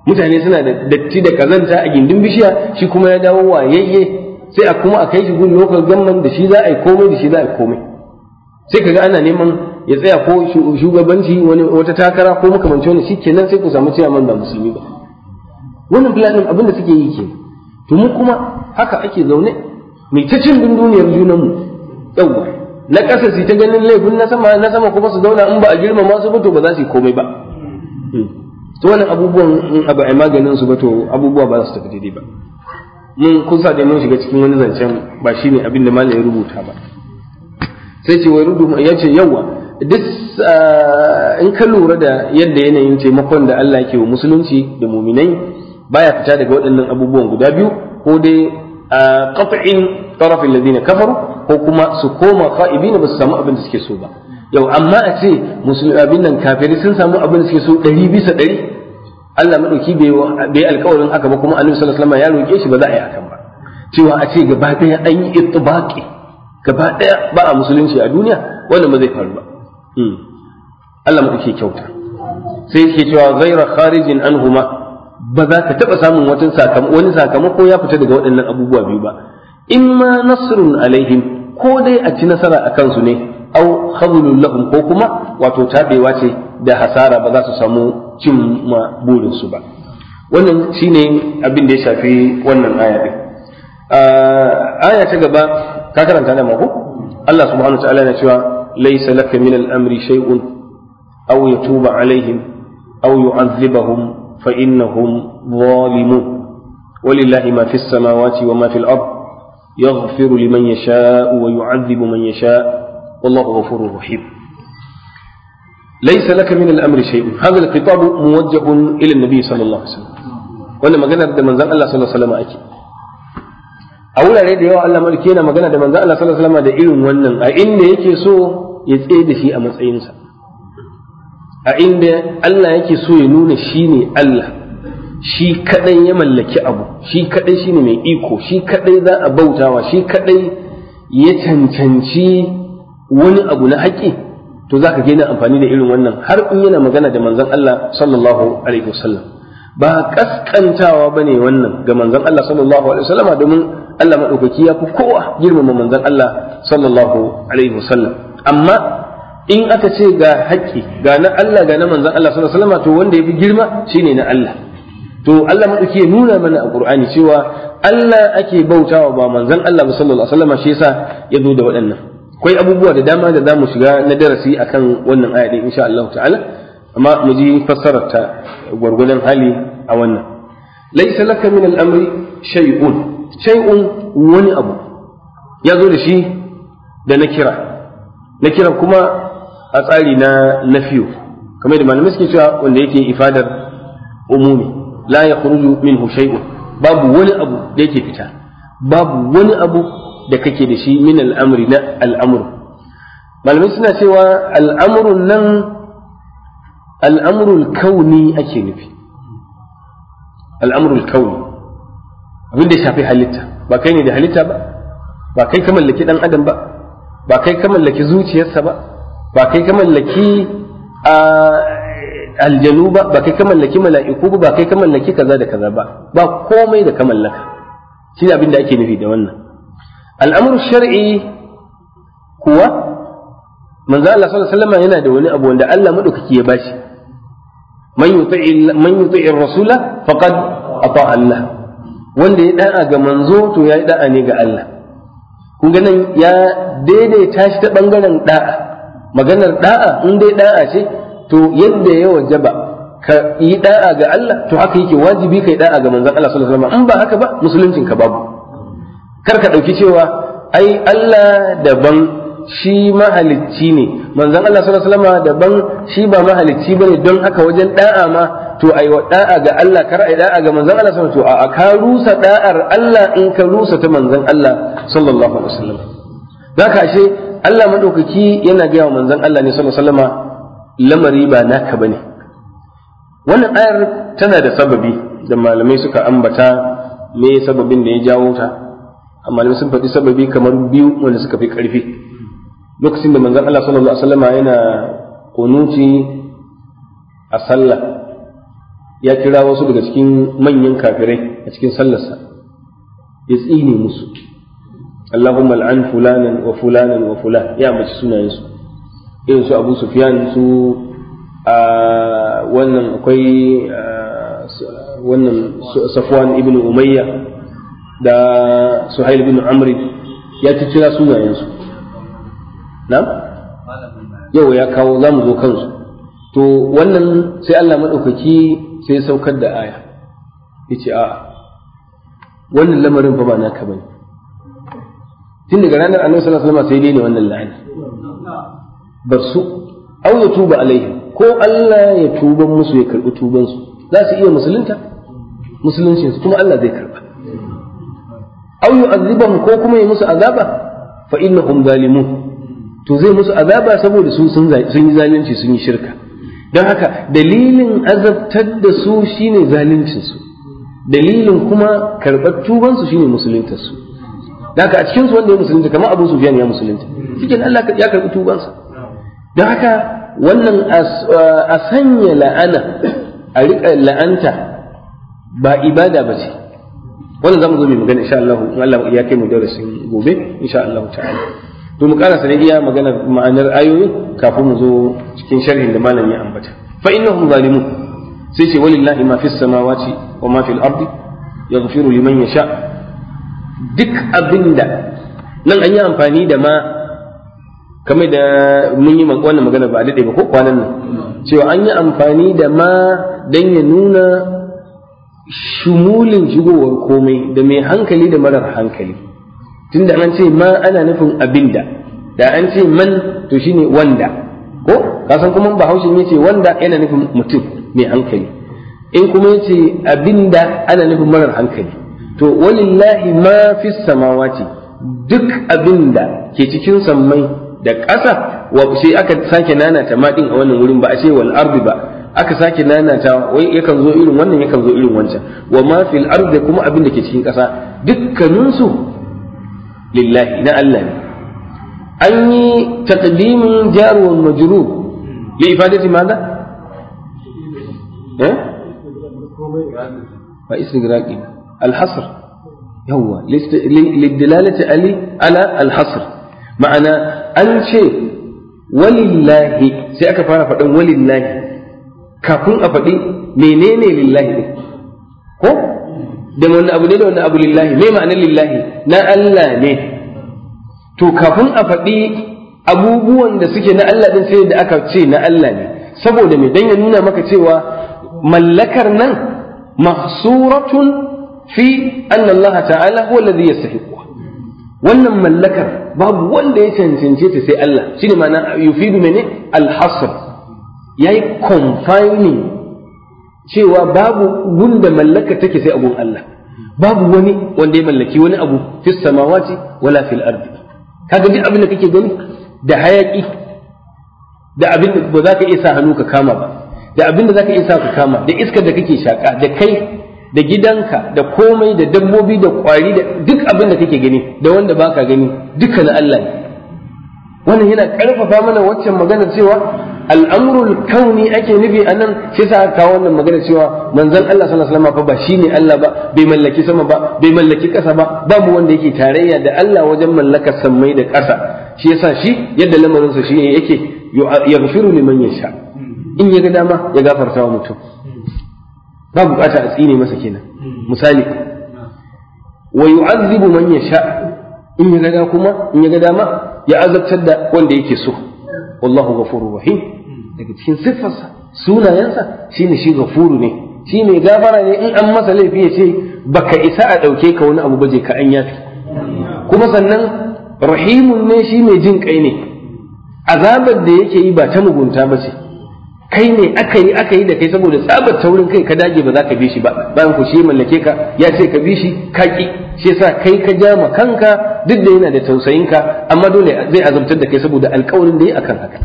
mutane suna da datti da kazanta a gindin bishiya shi kuma ya dawo wayayye sai a kuma a kai shi gun local government da shi za a yi komai da shi za a yi komai sai kaga ana neman ya tsaya ko shugabanci wani wata takara ko makamanci wani shi kenan sai ku samu man ba musulmi ba wannan fulani abin da suke yi ke to mu kuma haka ake zaune mai ta cin dunduniyar junanmu yawwa na ƙasa su ta ganin laifin na sama na sama kuma su zauna in ba a girma masu ba to ba za su yi komai ba hmm. to wannan abubuwan in ba a maganin su ba to abubuwa ba za su tafi daidai ba mun kusa da mun shiga cikin wani zancen ba shine abin da malam ya rubuta ba sai ce wai rudu ya ce yawa duk eh, in ka lura da yadda yanayin taimakon da Allah ke wa musulunci da muminai baya fita daga waɗannan abubuwan guda biyu ko dai eh, qat'in tarafin alladhina kafaru ko kuma su koma qa'ibina ba su samu abin da suke so ba yau amma a ce musulmi abin nan kafiri sun samu abin da suke so ɗari bisa ɗari Allah madauki bai alƙawarin haka ba kuma annabi sallallahu alaihi wasallam ya roƙe shi ba za a yi hakan ba cewa a ce gaba ɗaya an yi ittibaqi gaba ɗaya ba a musulunci a duniya wannan ba zai faru ba Hmm. Allah muka ke kyauta sai ke cewa zaira kharijin anhuma ba za ka taɓa samun wani sakamako ya fita daga waɗannan abubuwa biyu ba in ma nasrun alaihim ko dai a ci nasara a kansu ne au khadlun lahum ko kuma wato tabewa ce da hasara ba za su samu cin ma burinsu ba wannan shine abin da ya shafi wannan aya din ah, aya ta gaba ka karanta da mako Allah subhanahu wa ta'ala yana cewa ليس لك من الأمر شيء أو يتوب عليهم أو يعذبهم فإنهم ظالمون ولله ما في السماوات وما في الأرض يغفر لمن يشاء ويعذب من يشاء والله غفور رحيم ليس لك من الأمر شيء هذا الخطاب موجه إلى النبي صلى الله عليه وسلم وإنما قال من الله صلى الله عليه وسلم أكيد a wurare da yawa Allah mai kena magana da manzo Allah sallallahu alaihi wasallam da irin wannan a inda yake so ya tsaye da shi a matsayinsa a inda Allah yake so ya nuna shi Allah shi kadai ya mallaki abu shi kadai shine mai iko shi kadai za a bautawa shi kadai ya cancanci wani abu na haƙi to zaka ka amfani da irin wannan har in yana magana da manzon Allah sallallahu alaihi wasallam ba kaskantawa bane wannan ga manzon Allah sallallahu alaihi wasallam domin Allah madaukaki ya fi kowa girmama manzon Allah sallallahu alaihi wasallam amma in aka ce ga haƙƙi ga na Allah ga na manzon Allah sallallahu alaihi wasallam to wanda yafi girma shine na Allah to Allah madauki ya nuna mana a Qur'ani cewa Allah ake bautawa ba manzon Allah sallallahu alaihi wasallam shi yasa ya zo da waɗannan akwai abubuwa da dama da zamu shiga na darasi akan wannan aya insha Allah ta'ala amma mu ji fassarar ta gwargwadon hali a wannan laisa laka min al'amri shay'un shay'un wani abu ya zo da shi da na kira na kira kuma a tsari na nafiyu kamar da malamai suke cewa wanda yake ifadar umumi la kuru min shay'un babu wani abu da yake fita babu wani abu da kake da shi min al'amri na al'amru malamai suna cewa al'amrun nan al'amrul kauni ake nufi al'amrul kauni abin da shafi halitta ba kai ne da halitta ba ba kai ka mallaki ɗan adam ba ba kai ka mallaki zuciyarsa ba ba kai ka mallaki aljanu ba ba kai ka mallaki mala'iku ba ba kai ka mallaki kaza da kaza ba ba komai da ka mallaka shi abin da ake nufi da wannan al'amur shar'i kuwa manzo Allah sallallahu alaihi wasallam yana da wani abu wanda Allah madaukaki ya bashi man yuti man rasula faqad Allah wanda ya da'a ga manzo to ya da'a ne ga Allah kun ga nan ya daidaita shi ta bangaren da'a maganar da'a in dai da'a ce to yadda ya wajaba ka yi da'a ga Allah to haka yake wajibi kai da'a ga manzon Allah sallallahu alaihi wasallam in ba haka ba musuluncin ka babu kar ka dauki cewa ai Allah daban shi mahalicci ne manzon Allah sallallahu alaihi wasallam daban shi ba mahalicci bane don haka wajen da'a ma to ai wa da'a ga Allah kar ai da'a ga manzon Allah sallallahu alaihi wasallam to a ka rusa da'ar Allah in ka rusa ta manzon Allah sallallahu alaihi wasallam ka she Allah madaukaki yana ga manzon Allah ne sallallahu alaihi wasallam lamari ba naka bane wannan ayar tana da sababi da malamai suka ambata me sababin da ya jawo ta amma sun faɗi sababi kamar biyu wanda suka fi ƙarfi lokacin da manzon Allah sallallahu alaihi wasallam yana kunuti a sallah ya kira wasu daga cikin manyan kafirai a cikin sallarsa ya tsini musu Allahumma al'an fulanan wa fulanan wa fula, ya mace sunayensu irin su Abu Sufyan su a wannan akwai wannan Safwan ibn Umayya da Suhail ibn Amri ya ci kira sunayensu nan yau ya kawo za mu zo kansu to wannan sai Allah maɗaukaki sai saukar da aya yace a wannan lamarin fa ba naka bane tun daga ranar annabi sallallahu alaihi wasallam sai dai ne wannan la'ani basu aw ya tuba alaihi, ko Allah ya tuba musu ya karbi tuban su za su iya musulunta musuluncin su kuma Allah zai karba aw yu'adhibahum ko kuma ya musu azaba fa innahum zalimun to zai musu azaba saboda su sun yi zalunci sun yi shirka don haka dalilin azabtar da su shine zaluncinsu dalilin kuma karɓar tubansu shine musuluntarsu da haka a cikinsu wanda ya musulunta kamar abu sufiyan ya musulunta cikin Allah ya karɓi tubansa don haka wannan a sanya la'ana a riƙa la'anta ba ibada ba ce wannan za mu zo mai magana insha Allah in Allah ya kai mu darasin gobe insha Allah ta'ala to mu karasa ne iya maganar ma'anar ayoyi, kafin mu zo cikin sharhin da malam ya ambata fa innahum zalimun sai ce walillahi ma fis samawati wa ma fil ardi yaghfiru liman yasha duk abinda nan an yi amfani da ma kamar da mun yi wannan magana ba a daɗe ba ko kwanan nan cewa an yi amfani da ma dan ya nuna shumulin shigowar komai da mai hankali da marar hankali tunda an ce ma ana nufin abinda da an ce man to shine wanda ko kasan kuma bahaushe ne ce wanda yana nufin mutum mai hankali in kuma yace abinda ana nufin marar hankali to walillahi ma fi samawati duk abinda ke cikin sammai da ƙasa wa sai aka sake nanata ma din a wannan wurin ba a ce wal ardi ba aka sake nanata wai yakan zo irin wannan yakan zo irin wancan wa ma fil ardi kuma abinda ke cikin ƙasa dukkaninsu لله نا الله أني تقديم جار والمجرور لإفادة ماذا؟ ها؟ إيه؟ فاسم جراكي الحصر هو للدلالة علي على الحصر معنى أن شيء ولله سيأك فانا ولله كفن أفدي منين لله هو da wani abu ne da wani abu lillahi me ma'anar lillahi na Allah ne to kafin a faɗi abubuwan da suke na Allah din sai da aka ce na Allah ne saboda me dan ya nuna maka cewa mallakar nan mahsuratun fi anna Allah ta'ala huwa alladhi yastahiqu wannan mallakar babu wanda ya cancance ta sai Allah shine ma'ana yufidu mene al-hasr yayi confining cewa babu wanda mallaka take sai abun Allah babu wani wanda ya mallaki wani abu fis samawati wala fil ardi kaga duk abin da kake gani da hayaki da abin da ba za ka iya hannu ka kama ba da abin da za ka iya ka kama da iskar da kake shaka da kai da gidanka da komai da dabbobi da kwari da duk abin da kake gani da wanda baka gani duka na Allah ne wannan yana karfafa mana waccan maganar cewa al'amrul kauni ake nufi a nan sai sa kawo wannan magana cewa manzon Allah sallallahu alaihi wasallam ba shine Allah ba bai mallaki sama ba bai mallaki ƙasa ba ba mu wanda yake tarayya da Allah wajen mallakar sammai da ƙasa shi yasa shi yadda lamarin sa shi yake yaghfiru liman yasha in ya ga dama ya gafarta wa mutum ba bukata a tsine masa kenan misali wa yu'azzibu man yasha in ya ga kuma in ya ga dama ya azabtar da wanda yake so wallahu Ghafuru, rahim daga cikin siffarsa sunayensa shine shi ghafuru ne shi mai gafara ne in an masa laifi ya ce baka isa a ɗauke ka wani abu baje ka an yafi kuma sannan rahimun ne shi mai jin kai ne azabar da yake yi ba ta mugunta ba ce kai ne aka yi aka yi da kai saboda tsabar taurin kai ka dage ba za ka bi shi ba bayan ku shi mallake ka ya ce ka bi shi ka ki shi yasa kai ka ja ma kanka duk da yana da tausayinka amma dole zai azabtar da kai saboda alƙawarin da ya akan haka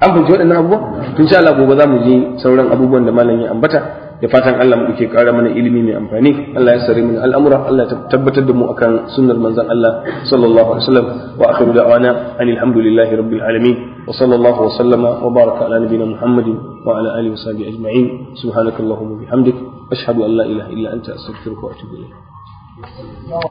an fahimci waɗannan abubuwa tun sha Allah gobe za mu ji sauran abubuwan da malam ya ambata da fatan Allah mu ke ƙara mana ilimi mai amfani Allah ya sare mana al'amura Allah ya tabbatar da mu akan sunnar manzon Allah sallallahu alaihi wasallam wa akhiru da'wana alhamdulillahi rabbil alamin wa sallallahu wa sallama wa baraka ala nabiyyina muhammadin wa ala alihi wa sahbihi ajma'in subhanakallahumma bihamdik ashhadu an la ilaha illa anta astaghfiruka wa atubu No.